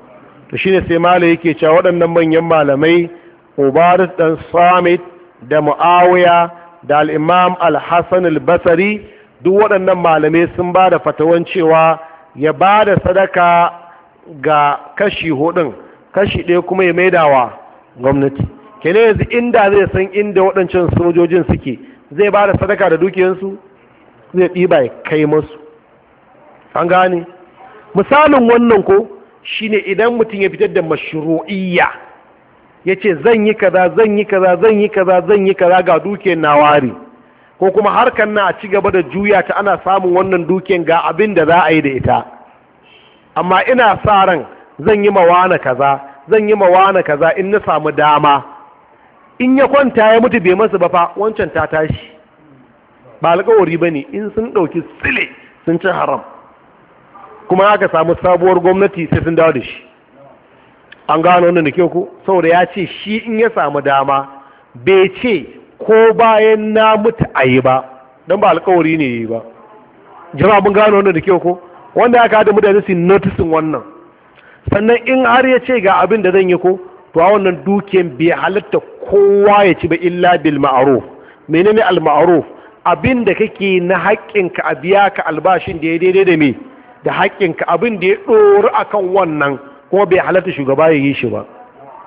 to shine sai mala yake cewa waɗannan manyan malamai Ubaris dan Samit da Muawiya da al-Imam al-Hasan al-Basri duk waɗannan malamai sun ba da fatawan cewa ya ba da sadaka ga kashi hudun kashi ɗaya kuma ya maidawa gwamnati kene yanzu inda zai san inda waɗancan sojojin suke zai ba da sadaka da dukiyarsu zai ɗiba ya kai masu an gane misalin wannan ko shine idan mutum ya fitar da mashru'iyya ya ce zan yi kaza zan yi kaza zan yi kaza zan yi kaza ga dukiyar na ware ko kuma harkar na a ci gaba da juya ta ana samun wannan dukiyar ga abin da za a yi da ita amma ina sa ran zan yi mawana kaza zan yi mawana kaza in na samu dama in ya kwanta ya mutu bai masa ba fa wancan ta tashi ba alkawari ba ne in sun ɗauki sile sun ci haram kuma aka samu sabuwar gwamnati sai sun dawo da shi an gano wannan da kyau ku saboda ya ce shi in ya samu dama bai ce ko bayan na mutu a yi ba don ba alkawari ne yi ba jama'a mun gano wannan da kyau ko wanda aka haɗa mutane su notisin wannan sannan in har ya ce ga abin da zan yi ko to a wannan dukiyan bai halatta kowa ya ci ba illa bil menene al ma'aruf abin da kake na haƙƙinka a biya ka albashin da ya daidai da me da haƙƙinka abin da ya ɗori akan wannan kuma bai halatta shugaba ya yi shi ba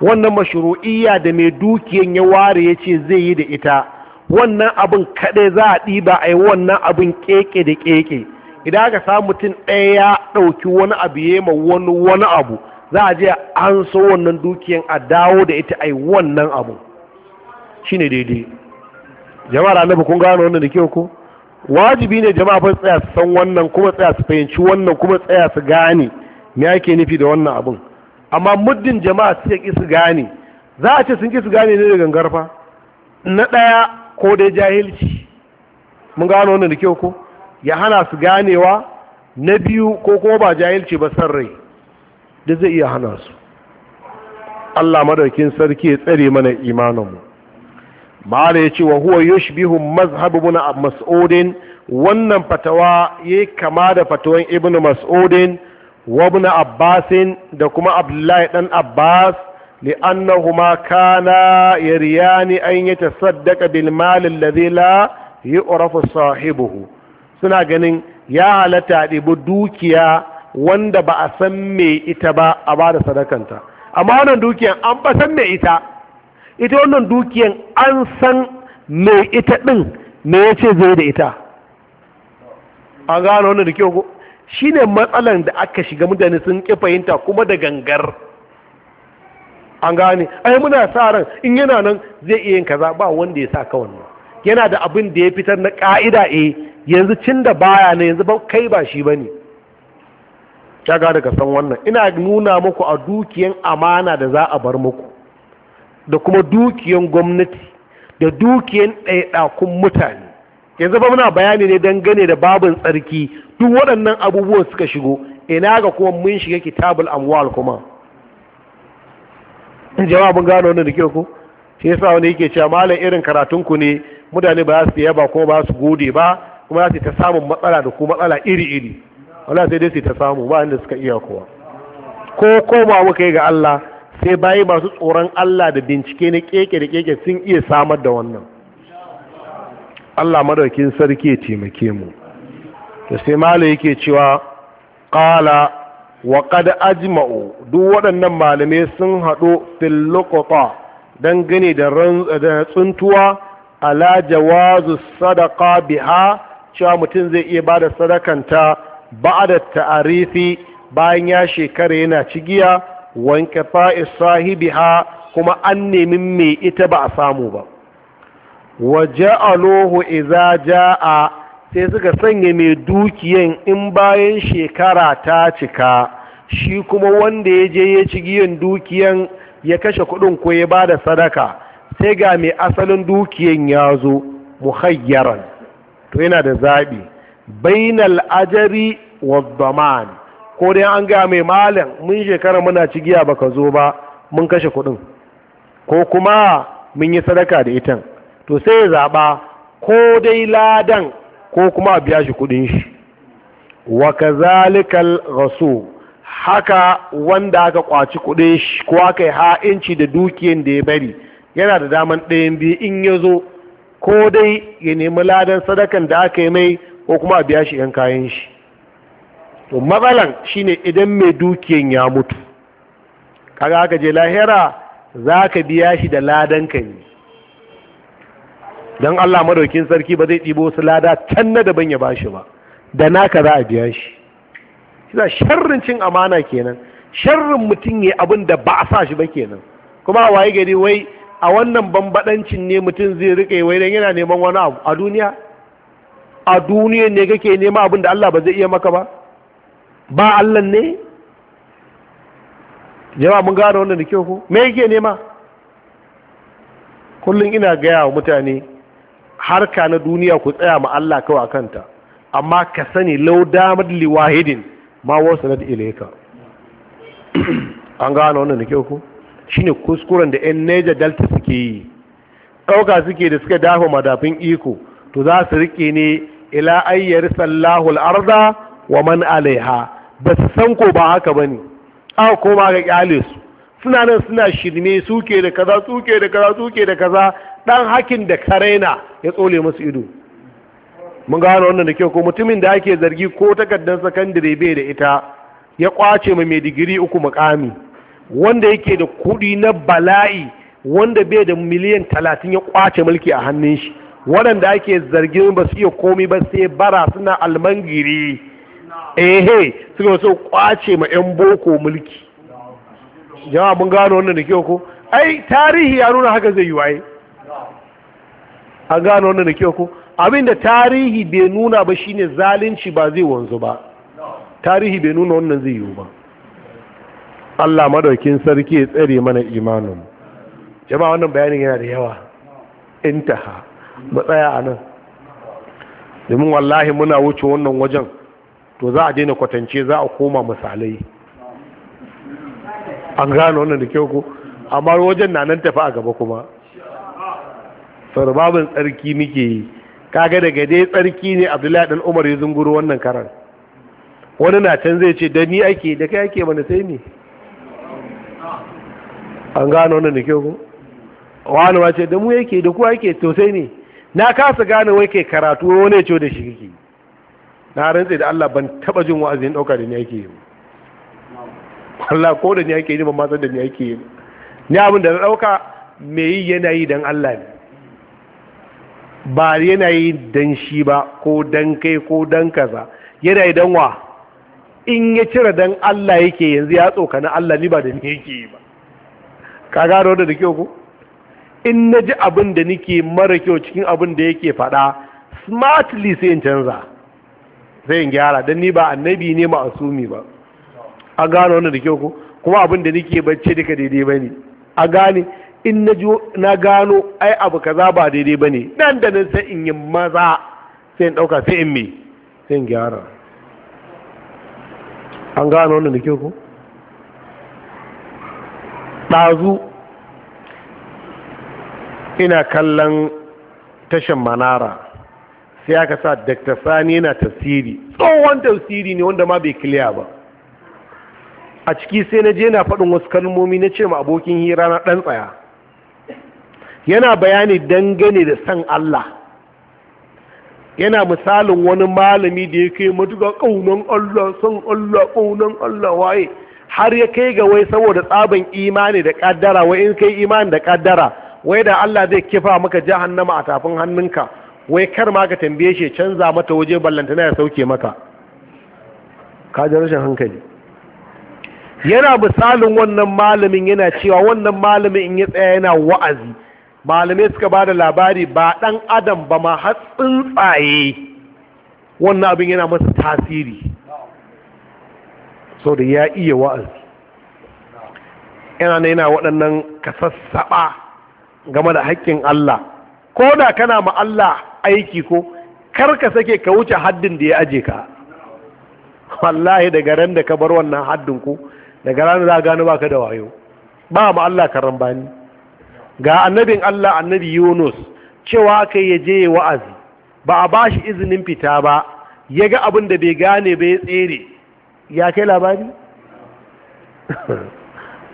wannan mashru'iyya da mai dukiyan ya ware ya ce zai yi da ita wannan abin kaɗai za a ɗiba a yi wannan abin keke da keke idan aka samu mutum ɗaya ya ɗauki wani abu ya ma wani wani abu za a je an so wannan dukiyan a dawo da ita a yi wannan abu shine daidai jama'a na kun gano wannan da kyau ko wajibi ne jama'a fa tsaya su san wannan kuma tsaya su fahimci wannan kuma tsaya su gane me ake nufi da wannan abin amma muddin jama'a suke ƙi su gane za a ce sun ƙi gane ne da gangar fa na ɗaya ko dai jahilci mun gano wannan da kyau ko ya hana su ganewa na biyu ko kuma ba jahilci ba san rai da zai iya hana su Allah madaukin sarki ya tsare mana imaninmu Malam ya ce wa huwa yushbihu mazhabu ibn mas'udin wannan fatawa yayi kama da fatawan ibn mas'udin wabna abbasin da kuma abdullahi ɗan abbas li'annahuma kana an yatasaddaqa bil mal alladhi la yu'rafu suna ganin ya halatta ɗibi dukiya wanda ba a san me ita ba a ba sadakanta amma wannan dukiyan an ba san me ita ita wannan dukiyan an san me ita ɗin me ya ce zai da ita an gano wannan da kyau Shi ne matsalan da aka shiga mutane sun ƙi kuma da gangar an gane ai muna sa ran in yana nan zai iya yin kaza ba wanda ya sa ka wannan yana da abin da ya fitar na ka'ida e eh, yanzu cin da baya ne yanzu ba kai ba shi bane ka ga daga san wannan ina nuna muku a dukiyan amana da za a bar muku da kuma dukiyan gwamnati da dukiyan ɗaiɗakun mutane yanzu ba muna bayani ne dangane da babin tsarki duk waɗannan abubuwan suka shigo ina ga kuma mun shiga kitabul amwal kuma jawabin gano wannan da ke ku? shi yasa wani yake cewa malam irin karatun ku ne mutane ba su yaba kuma ba su gode ba kuma za su ta samun matsala da kuma matsala iri iri wala sai dai su ta samu ba inda suka iya kuwa ko koma muka yi ga Allah sai bayi masu tsoron Allah da bincike na keke da keke sun iya samar da wannan Allah madaukin sarki ya taimake mu to sai malam yake cewa qala wa qad ajma'u duk waɗannan malamai sun haɗu fil luqata dan gane da tsuntuwa ala jawazu sadaka biha cewa mutum zai iya ba da sadakanta da ta'arifi bayan ya shekara yana cigiya wanke fa'is sahibiha kuma an nemi mai ita ba a samu ba wa ja'aluhu idza ja'a sai suka sanya mai dukiyan in bayan shekara ta cika shi kuma wanda ya je ya ci giyan dukiyan ya kashe kudin ko ya bada sadaka sai ga mai asalin dukiyan ya zo muhayyaran to yana da zaɓi bainal ajari wa zaman ko dai an ga mai malam mun shekara muna ci giya baka zo ba mun kashe kudin ko kuma mun yi sadaka da itan to sai ya zaɓa ko dai ladan ko kuma a biya shi kudin shi wa kazalikal rasu haka wanda aka kwaci kudin shi ko aka yi ha'inci da dukiyan da ya bari yana da daman ɗayan biyu in ya zo ko dai ya nemi ladan sadakan da aka yi mai ko kuma a biya shi 'yan kayan shi to matsalan shine idan mai dukiyan ya mutu kaga aka je lahira za ka biya shi da ladan ka ne don Allah madaukin sarki ba zai ɗibo su lada can na daban ya bashi ba da naka za a biya shi shida sharrin cin amana kenan sharrin mutum ya abin da ba a sa shi ba kenan kuma a waye gari wai a wannan bambadancin ne mutum zai riƙe wai don yana neman wani abu a duniya a duniya ne kake nema abin da Allah ba zai iya maka ba ba Allah ne jama'a mun gano wannan da kyau ko me yake nema kullum ina gaya wa mutane harka na duniya ku tsaya ma Allah kawai kanta amma ka sani lau damar liwahidin ma wasu na ilaika an gano wannan da kyau ku ne kuskuren da yan neja delta suke yi ɗauka suke da suka dafa madafin iko to za su rike ne ila ayyar sallahu wa man alaiha ba su san ko ba haka ba ne aka koma ga kyale su suna nan suna shirme suke da kaza suke da kaza suke da kaza ɗan hakin da karena ya tsole masu ido mun gano wannan da kyau ko mutumin da ake zargi ko takardar sakandare bai da ita ya kwace ma mai digiri uku mukami wanda yake da kuɗi na bala'i wanda bai da miliyan talatin ya kwace mulki a hannun shi waɗanda ake zargin ba su iya komi ba sai bara suna almangiri ehe suka so kwace ma 'yan boko mulki jama'a mun gano wannan da kyau ko ai tarihi ya nuna haka zai yi waye an gano wannan da kyau ko abinda tarihi bai nuna ba shine zalunci ba zai wanzu ba tarihi bai nuna wannan zai yiwu ba Allah madaukin sarki ya tsare mana imanin jama'a wannan bayanin yana da yawa intaha matsaya a nan domin wallahi muna wuce wannan wajen to za a daina kwatance za a koma misalai an gano wannan da kyau ko amma wajen na nan tafi a gaba kuma sau da babin tsarki muke yi kaga daga dai tsarki ne abdullahi dan umar ya zunguro wannan karar wani na can zai ce da ni ake da kai ake mana sai ne an gano wannan da kyau ko wani ma ce da mu yake da kuwa yake to sai ne na kasa gane wai kai karatu wani ce da shi kike na rantse da Allah ban taba jin wa'azin dauka da ni ake yi Allah ko da ni ake yi ban ma san da ni ake yi ni abin da na dauka me yi yana yi dan Allah ne ba yanayi yi dan shi ba ko dan kai ko dan kaza yana yi dan wa in ya cire dan Allah yake yanzu ya tsoka na Allah ni ba da ni yake yi ba ka gano da da kyau ko in na ji abin da nike mara kyau cikin abin da yake faɗa smartly sai in canza sai in gyara don ni ba annabi ne ma'asumi ba A gano wannan da kyau ko kuma abin da nike bacci duka daidai ba ne a gane in na na gano ai abu kaza ba daidai bane nan da nan sai in yi maza sai in dauka sai in me sai in gyara an gano wannan da ke ko ɗazu ina kallon tashin manara sai aka sa dr sani yana tasiri tsohon tasiri ne wanda ma bai kiliya ba a ciki sai na je na faɗin wasu kalmomi na ce ma abokin hira na ɗan tsaya yana bayani dangane da san Allah yana misalin wani malami da ya kai matuka ƙaunan Allah san Allah ƙaunan Allah waye har ya kai ga wai saboda tsaban imani da ƙaddara wai in kai imani da ƙaddara wai da Allah zai kifa maka jahannama a tafin hannunka wai kar ma ka tambaye shi canza mata waje ballantana ya sauke maka ka ji rashin hankali yana misalin wannan malamin yana cewa wannan malamin in ya tsaya yana wa'azi malamai suka ba da labari ba ɗan adam ba ma har tsuntsaye wannan abin yana masa tasiri sau da ya iya wa'azi yana na yana waɗannan sassaɓa game da haƙƙin Allah ko da kana ma Allah aiki ko kar ka sake ka wuce haddin da ya aje ka wallahi daga ran da ka bar wannan haddin ko daga ran za gano baka da wayo ba ma Allah karan bani ga annabin Allah annabi Yunus cewa kai ya je wa'azi ba a bashi izinin fita ba ya ga abin da bai gane ba ya tsere ya kai labari [laughs]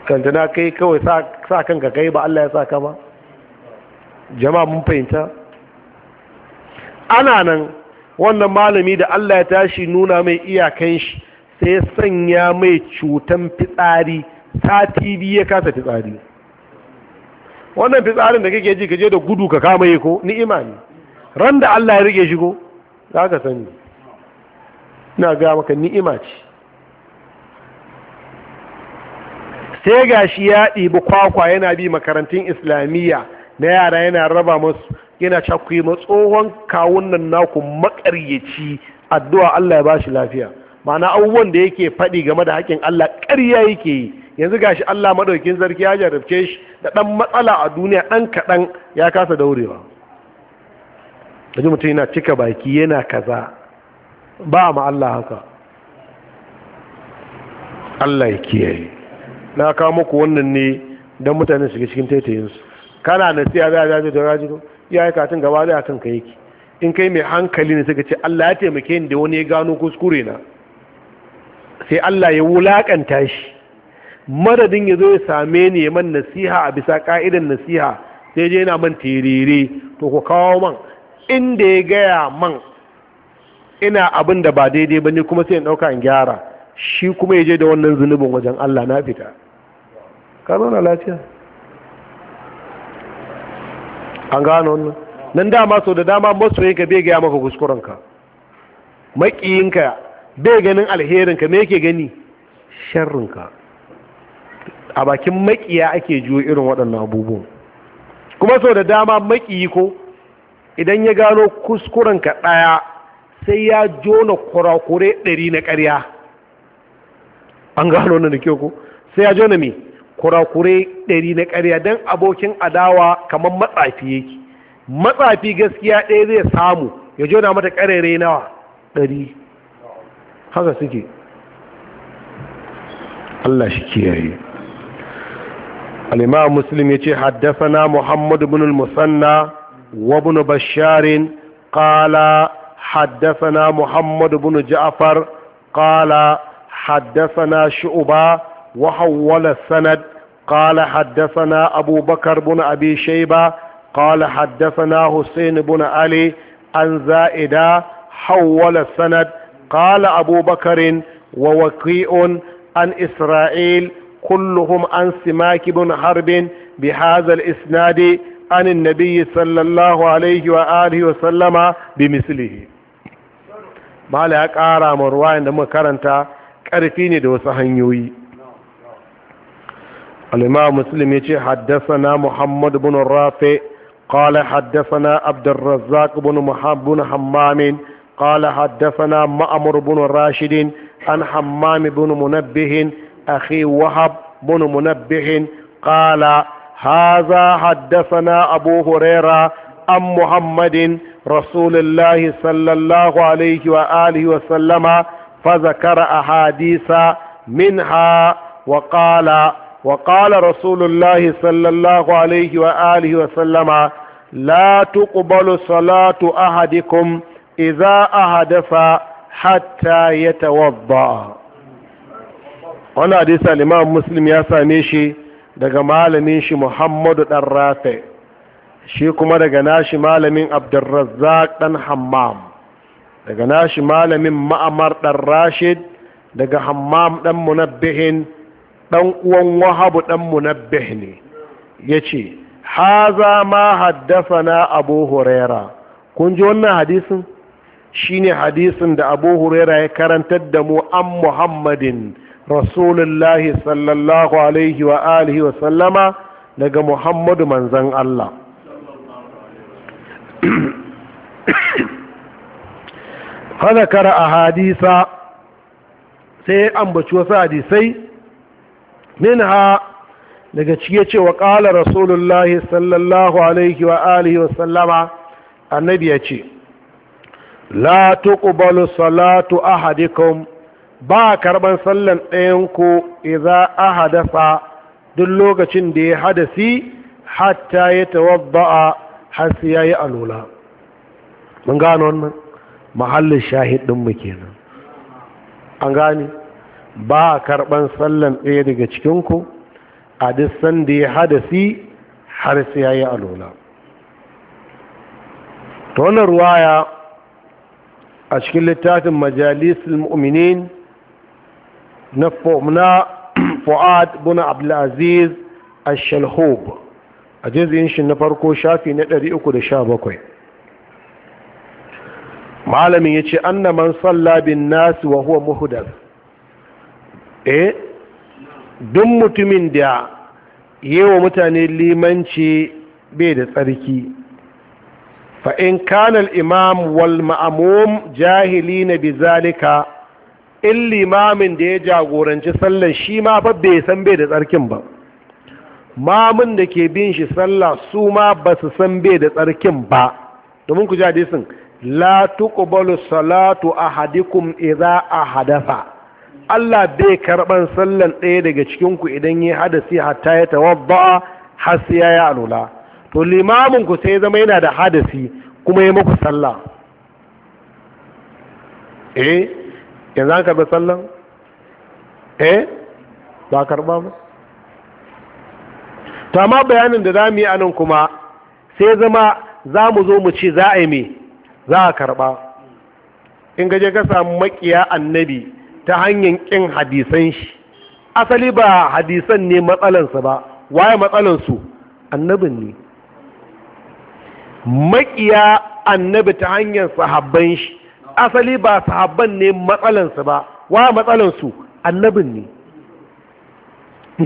kantana kai kawai sa kanka kai ba Allah ya sa ka ba jama mun fahimta ana nan wannan malami da Allah ya tashi nuna mai iyakan shi sai sanya mai cutan fitsari sati biyu ya kasa fitsari wannan fitsarin da kake ji kaje da gudu ka kama yi ko ni'ima ne ran da Allah ya rike shi ko za ka sani ina ga maka ni'ima ce sai ga shi ya ɗibi kwakwa yana bi makarantun islamiyya na yara yana raba masu yana ma tsohon kawun nan naku makaryaci addu'a Allah ya bashi lafiya ma'ana abubuwan da yake faɗi game da haƙƙin Allah ƙarya yake yi yanzu gashi Allah madaukin sarki ya jarabce shi da ɗan matsala a duniya ɗan kaɗan ya kasa daurewa da ji mutum yana cika baki yana kaza ba ma Allah haka Allah ya kiyaye na kawo muku wannan ne don mutane shiga cikin taitayinsu kana na siya za a zaje da rajido ya yi katin gaba zai kan ka yake in kai mai hankali ne suka ce Allah ya taimake ni da wani ya gano kuskure na sai Allah ya wulakanta shi madadin ya zo ya same ni man nasiha a bisa ka'idan nasiha sai je yana man tirire to ku kawo man inda ya gaya man ina abin da ba daidai ba ne kuma sai in ɗauka in gyara shi kuma ya je da wannan zunubin wajen Allah na fita ka zauna lafiya an gano wannan nan dama sau da dama masoyinka bai gaya maka kuskurenka maƙiyinka bai ganin alherinka me yake gani sharrinka a bakin makiya ake juyo irin waɗannan abubuwan kuma sau da dama makiyi ko idan ya gano kuskuren ka ɗaya sai ya jona kurakure ɗari na ƙarya an gano na da kyau ko sai ya jona me kurakure ɗari na ƙarya don abokin adawa kamar matsafi yake matsafi gaskiya ɗaya zai samu ya jona mata ƙarere nawa ɗari haka suke Allah shi kiyaye الإمام مسلم يتي حدثنا محمد بن المثنى وابن بشار قال حدثنا محمد بن جعفر قال حدثنا شعبة وحول السند قال حدثنا أبو بكر بن أبي شيبة قال حدثنا حسين بن علي عن زائدة حول السند قال أبو بكر ووكيء عن إسرائيل كلهم عن سماك بن حرب بهذا الإسناد عن النبي صلى الله عليه وآله وسلم بمثله ما لا قارا مرواية عندما كرنتا كارفيني دو سهنيوي الإمام مسلم يجي حدثنا محمد بن الرافع قال حدثنا عبد الرزاق بن محمد بن حمام قال حدثنا مأمر بن راشد عن حمام بن منبه أخي وهب بن منبه قال هذا حدثنا أبو هريرة عن محمد رسول الله صلى الله عليه وآله وسلم فذكر أحاديث منها وقال وقال رسول الله صلى الله عليه وآله وسلم لا تقبل صلاة أحدكم إذا أحدث حتى يتوضأ wani hadisi al muslim ya same shi daga malamin shi muhammadu dan rafe shi kuma daga nashi malamin abdurrazzak dan hammam daga nashi malamin ma'amar dan rashid daga hammam dan munabbihin dan uwan wahabu dan munabbih ne yace haza ma na abu huraira kun ji wannan hadisin shine hadisin da abu huraira ya karantar da mu an muhammadin rasulullahi sallallahu alaihi wa alihi wa sallama daga muhammadu Manzon Allah [clears throat] fadakara a hadisa sai ambaci wasu hadisai min ha daga cike yace ƙala rasulullahi sallallahu alaihi wa alihi wa sallama annabi ya ce la tuqbalu salatu ahadikum ba a karɓar ɗayan ku iza a hadasa duk lokacin da ya hadasi hatta ya tawabba'a har sai ya yi alola mun gano wannan mahallin shahid ɗinmu kenan an gane ba a karɓar sallan ɗaya daga cikinku a duk sanda ya hadasi har sai ya yi alola ta wannan ruwaya a cikin littafin majalisul mu'minin na [clears throat] fu'ad bin abdulaziz ashalhob a jizin shi na farko shafi na 317 malamin ya ce anna man salla bin wa huwa muhdal. eh duk mutumin da yewa mutane limanci bai da tsarki fa in imam wal jahili na bizalika in limamin da ya jagoranci sallar shi ma ba bai san bai da tsarkin ba mamun da ke bin shi sallah su ma ba su san bai da tsarkin ba domin ku ji hadisin la tuqbalu salatu ahadikum idza ahadatha Allah bai karban sallan ɗaya daga cikin ku idan ya hadasi hatta ya tawadda har ya ya alula to limamin ku sai zama yana da hadasi kuma ya muku sallah eh yanzu an karɓi sallan eh ba karɓa ba Ta ma bayanin da za mu yi a nan kuma sai zama za mu zo mu ce za a yi me za a karɓa in gaje ka samu makiya annabi ta hanyar ƙin hadisan shi asali ba hadisan ne matsalansa ba waye matsalansu annabin ne makiya annabi ta hanyar sahabban shi asali ba sahabban ne matsalansu ba wa matsalansu annabin ne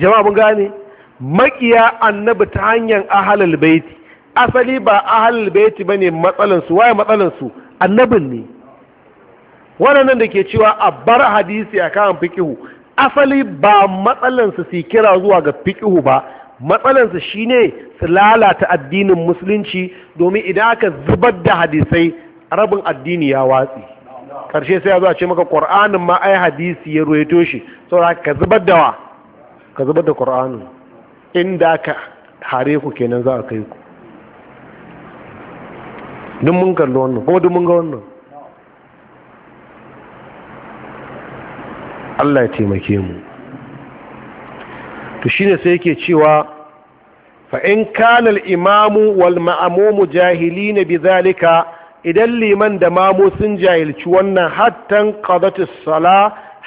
jama'a mun gane makiya annabi ta hanyar ahalal baiti asali ba ahalal baiti bane matsalansu wa matsalansu annabin ne waɗannan da ke cewa a bar hadisi a kan fikihu asali ba matsalansu su kira zuwa ga fikihu ba matsalansu shine su lalata addinin musulunci domin idan aka zubar da hadisai rabin addini ya watsi karshe sai ya zo a ce maka ƙur'anin ma ai hadisi ya ruwaito shi saboda ka zubar da wa ka zubar da ƙur'anin inda ka hare ku kenan za a kai ku duk mun kalli wannan kuma duk mun ga wannan Allah ya taimake mu to shine sai yake cewa fa in kana al-imamu wal ma'mumu jahilina bidhalika idan liman da mamu sun jahilci wannan hattan qadatus sala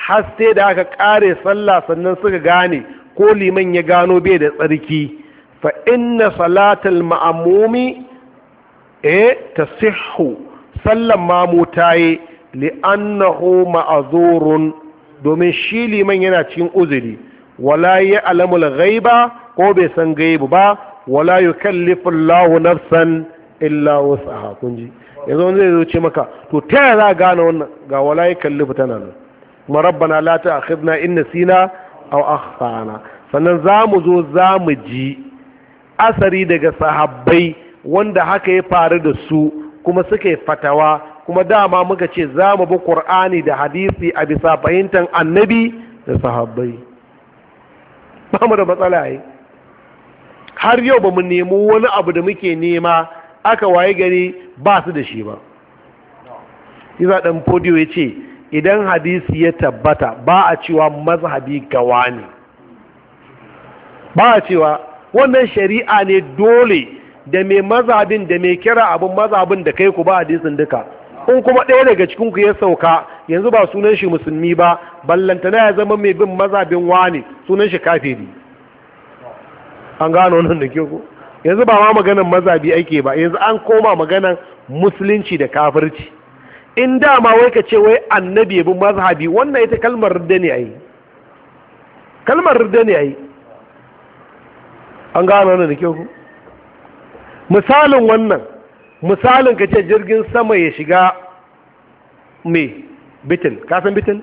har sai da aka kare sallah sannan suka gane ko liman ya gano bai da tsarki fa inna salatal ma'amumi eh tasihhu sallan mamu tayi li'annahu ma'zurun domin shi liman yana cikin uzuri wala ya alamul ghaiba ko bai san gaibu ba wala yukallifu Allahu nafsan illa wasaha kunji yanzu wani zai zo maka to ta yaya za a gane wannan ga wala ya kalli fita nan kuma rabbana la ta'khidna in nasina aw akhtana sannan za mu zo za mu ji asari daga sahabbai wanda haka ya faru da su kuma suka yi fatawa kuma dama muka ce za mu bi qur'ani da hadisi a bisa fahimtar annabi da sahabbai ba mu da matsala yi har yau ba mu nemi wani abu da muke nema aka waye gari ba su da shi ba iza ɗan fodiyo ya ce idan hadisi ya tabbata ba a cewa mazhabi gawa ne ba a cewa wannan shari'a ne dole da mai mazhabin da mai kira abin mazhabin da kai ku ba hadisin duka in kuma ɗaya daga cikin ku ya sauka yanzu ba sunan shi musulmi ba ballantana ya zama mai bin mazhabin wani sunan shi kafiri an gano nan da ke ku yanzu ba ma maganan mazabi ake ba yanzu an koma maganan musulunci da kafirci in dama wai ka ce wai annabi bi mazhabi wannan ita kalmar rudda ne yi. kalmar rudda ne yi. an gano wannan da kyau ku misalin wannan misalin ka ce jirgin sama ya shiga mai bitin kasan bitin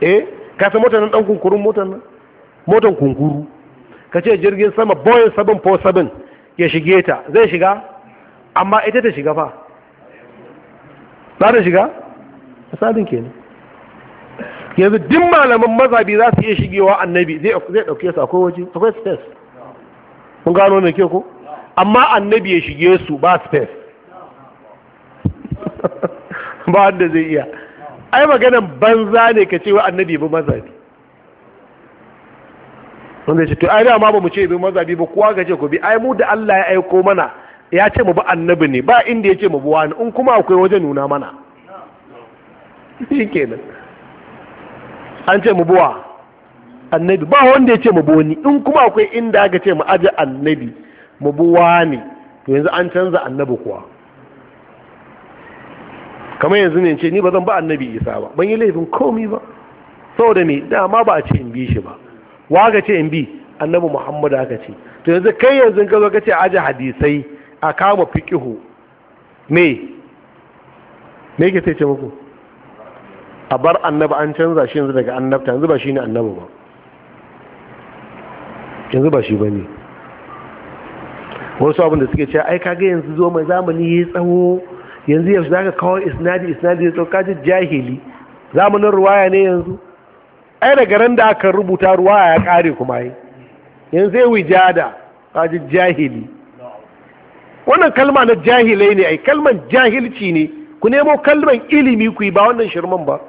eh kasan motar nan dan kunkurun motar nan motar kunkuru ka ce jirgin sama boeing 747 ya shige ta zai shiga amma ita ta shiga fa za ta shiga A ke kenan yanzu duk malaman mazabi za su iya shigewa annabi zai ɗauke su akwai waje akwai space kun gano mai ke ko amma annabi ya shige su ba space [laughs] ba wanda zai iya ai maganan banza ne ka ce wa annabi ba mazabi wanda ce to ai da ma ba mu ce bi mazabi ba kowa ga ce ku bi ai mu da Allah ya aiko mana ya ce mu bi annabi ne ba inda ya ce mu bi wani in kuma akwai waje nuna mana shikenan an ce mu bi wa annabi ba wanda ya ce mu bi wani in kuma akwai inda aka ce mu aje annabi mu bi wani to yanzu an canza annabi kuwa kamar yanzu ne ce ni ba zan ba annabi isa ba ban yi laifin komi ba saboda me dama ba a ce in bi shi ba wa ce in bi annabi muhammad aka ce to yanzu kai yanzu ka zo ka ce aji hadisai a kama fiqihu me me ke ce muku a bar annabi an canza shi yanzu daga annabta yanzu ba shi ne annabi ba yanzu ba shi ba ne wasu abin da suke ce ai kaga yanzu zo mai zamani ya tsawo yanzu yanzu za ka kawo isnadi isnadi ya tsawo kaji jahili zamanin ruwaya ne yanzu ai daga ran da aka rubuta ruwa ya kare kuma yi yanzu zai wijada kaji jahili wannan kalma na jahilai ne ai kalman jahilci ne ku nemo kalman ilimi ku yi ba wannan shirman ba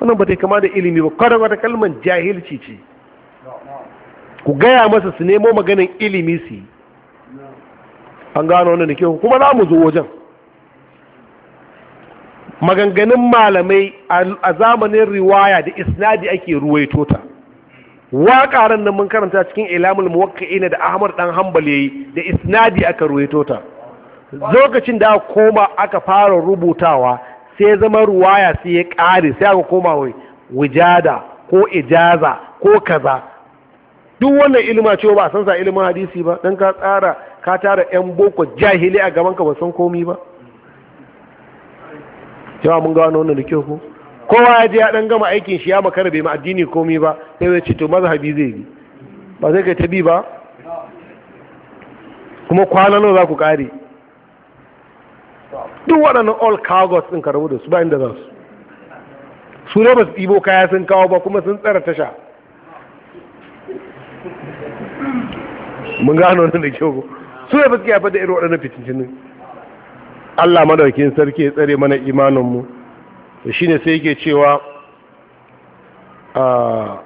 wannan ba ta kama da ilimi ba kwata wata kalman jahilci ce ku gaya masa su nemo maganin ilimi su yi an gano wannan da kyau kuma za mu zo wajen maganganun malamai a zamanin riwaya da isnadi ake ruwaito ta waƙaran nan mun karanta cikin ilamul muwakki'ina da ahmad dan hanbal yayi da isnadi aka ruwaito ta lokacin da aka koma aka fara rubutawa sai zama ruwaya sai ya kare sai aka koma wai wujada ko ijaza ko kaza duk wannan ilima ce ba san sa ilimin hadisi ba dan ka tsara ka tara yan boko jahili a gaban ka ba san komai ba Yawa mun gano wannan da kyau ko kowa ya je ya dan gama aikin shi ya makara bai ma addini komai ba sai ya ce to mazhabi zai bi ba zai kai ta bi ba kuma kwana nawa za ku kare duk waɗannan all cargos ɗin karamu da su ba inda za su su ne ba su ɗibo kaya sun kawo ba kuma sun tsara tasha mun gano wannan da kyau su ne ba su kiyafa da irin waɗannan fitintinin Allah madaukin sarki ya tsare mana imaninmu da shi ne sai yake cewa ah,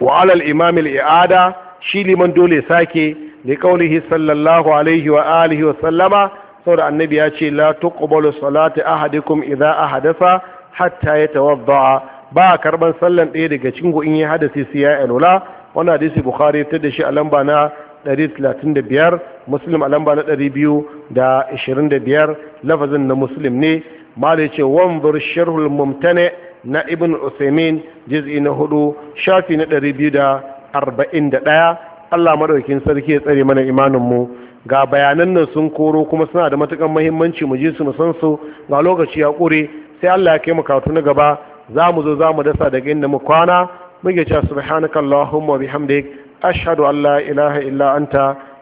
wa alal imamil i'ada shi liman dole sake da kaulihi sallallahu alaihi wa alihi wa sallama saboda annabi ya ce la tuqbalu salati ahadikum idza ahadasa hatta yatawadda ba karban sallan ɗaya daga cikin ku in yi hadasi sai ya alula wannan hadisi bukhari ta da shi a lamba na 135 muslim a lamba na 225 lafazin na muslim ne malai ce wanzur sharhul mumtane na ibn usaimin jiz'i na hudu shafi na 241 allah maɗaukin sarki ya tsare mana imaninmu ga bayanan nan sun koro kuma suna da matukan mahimmanci mu ji su mu san su ga lokaci ya ƙure sai allah ya kai mu karatu na gaba za mu zo za mu dasa daga inda mu kwana muke cewa subhanakallahumma bihamdik ashhadu an la ilaha illa anta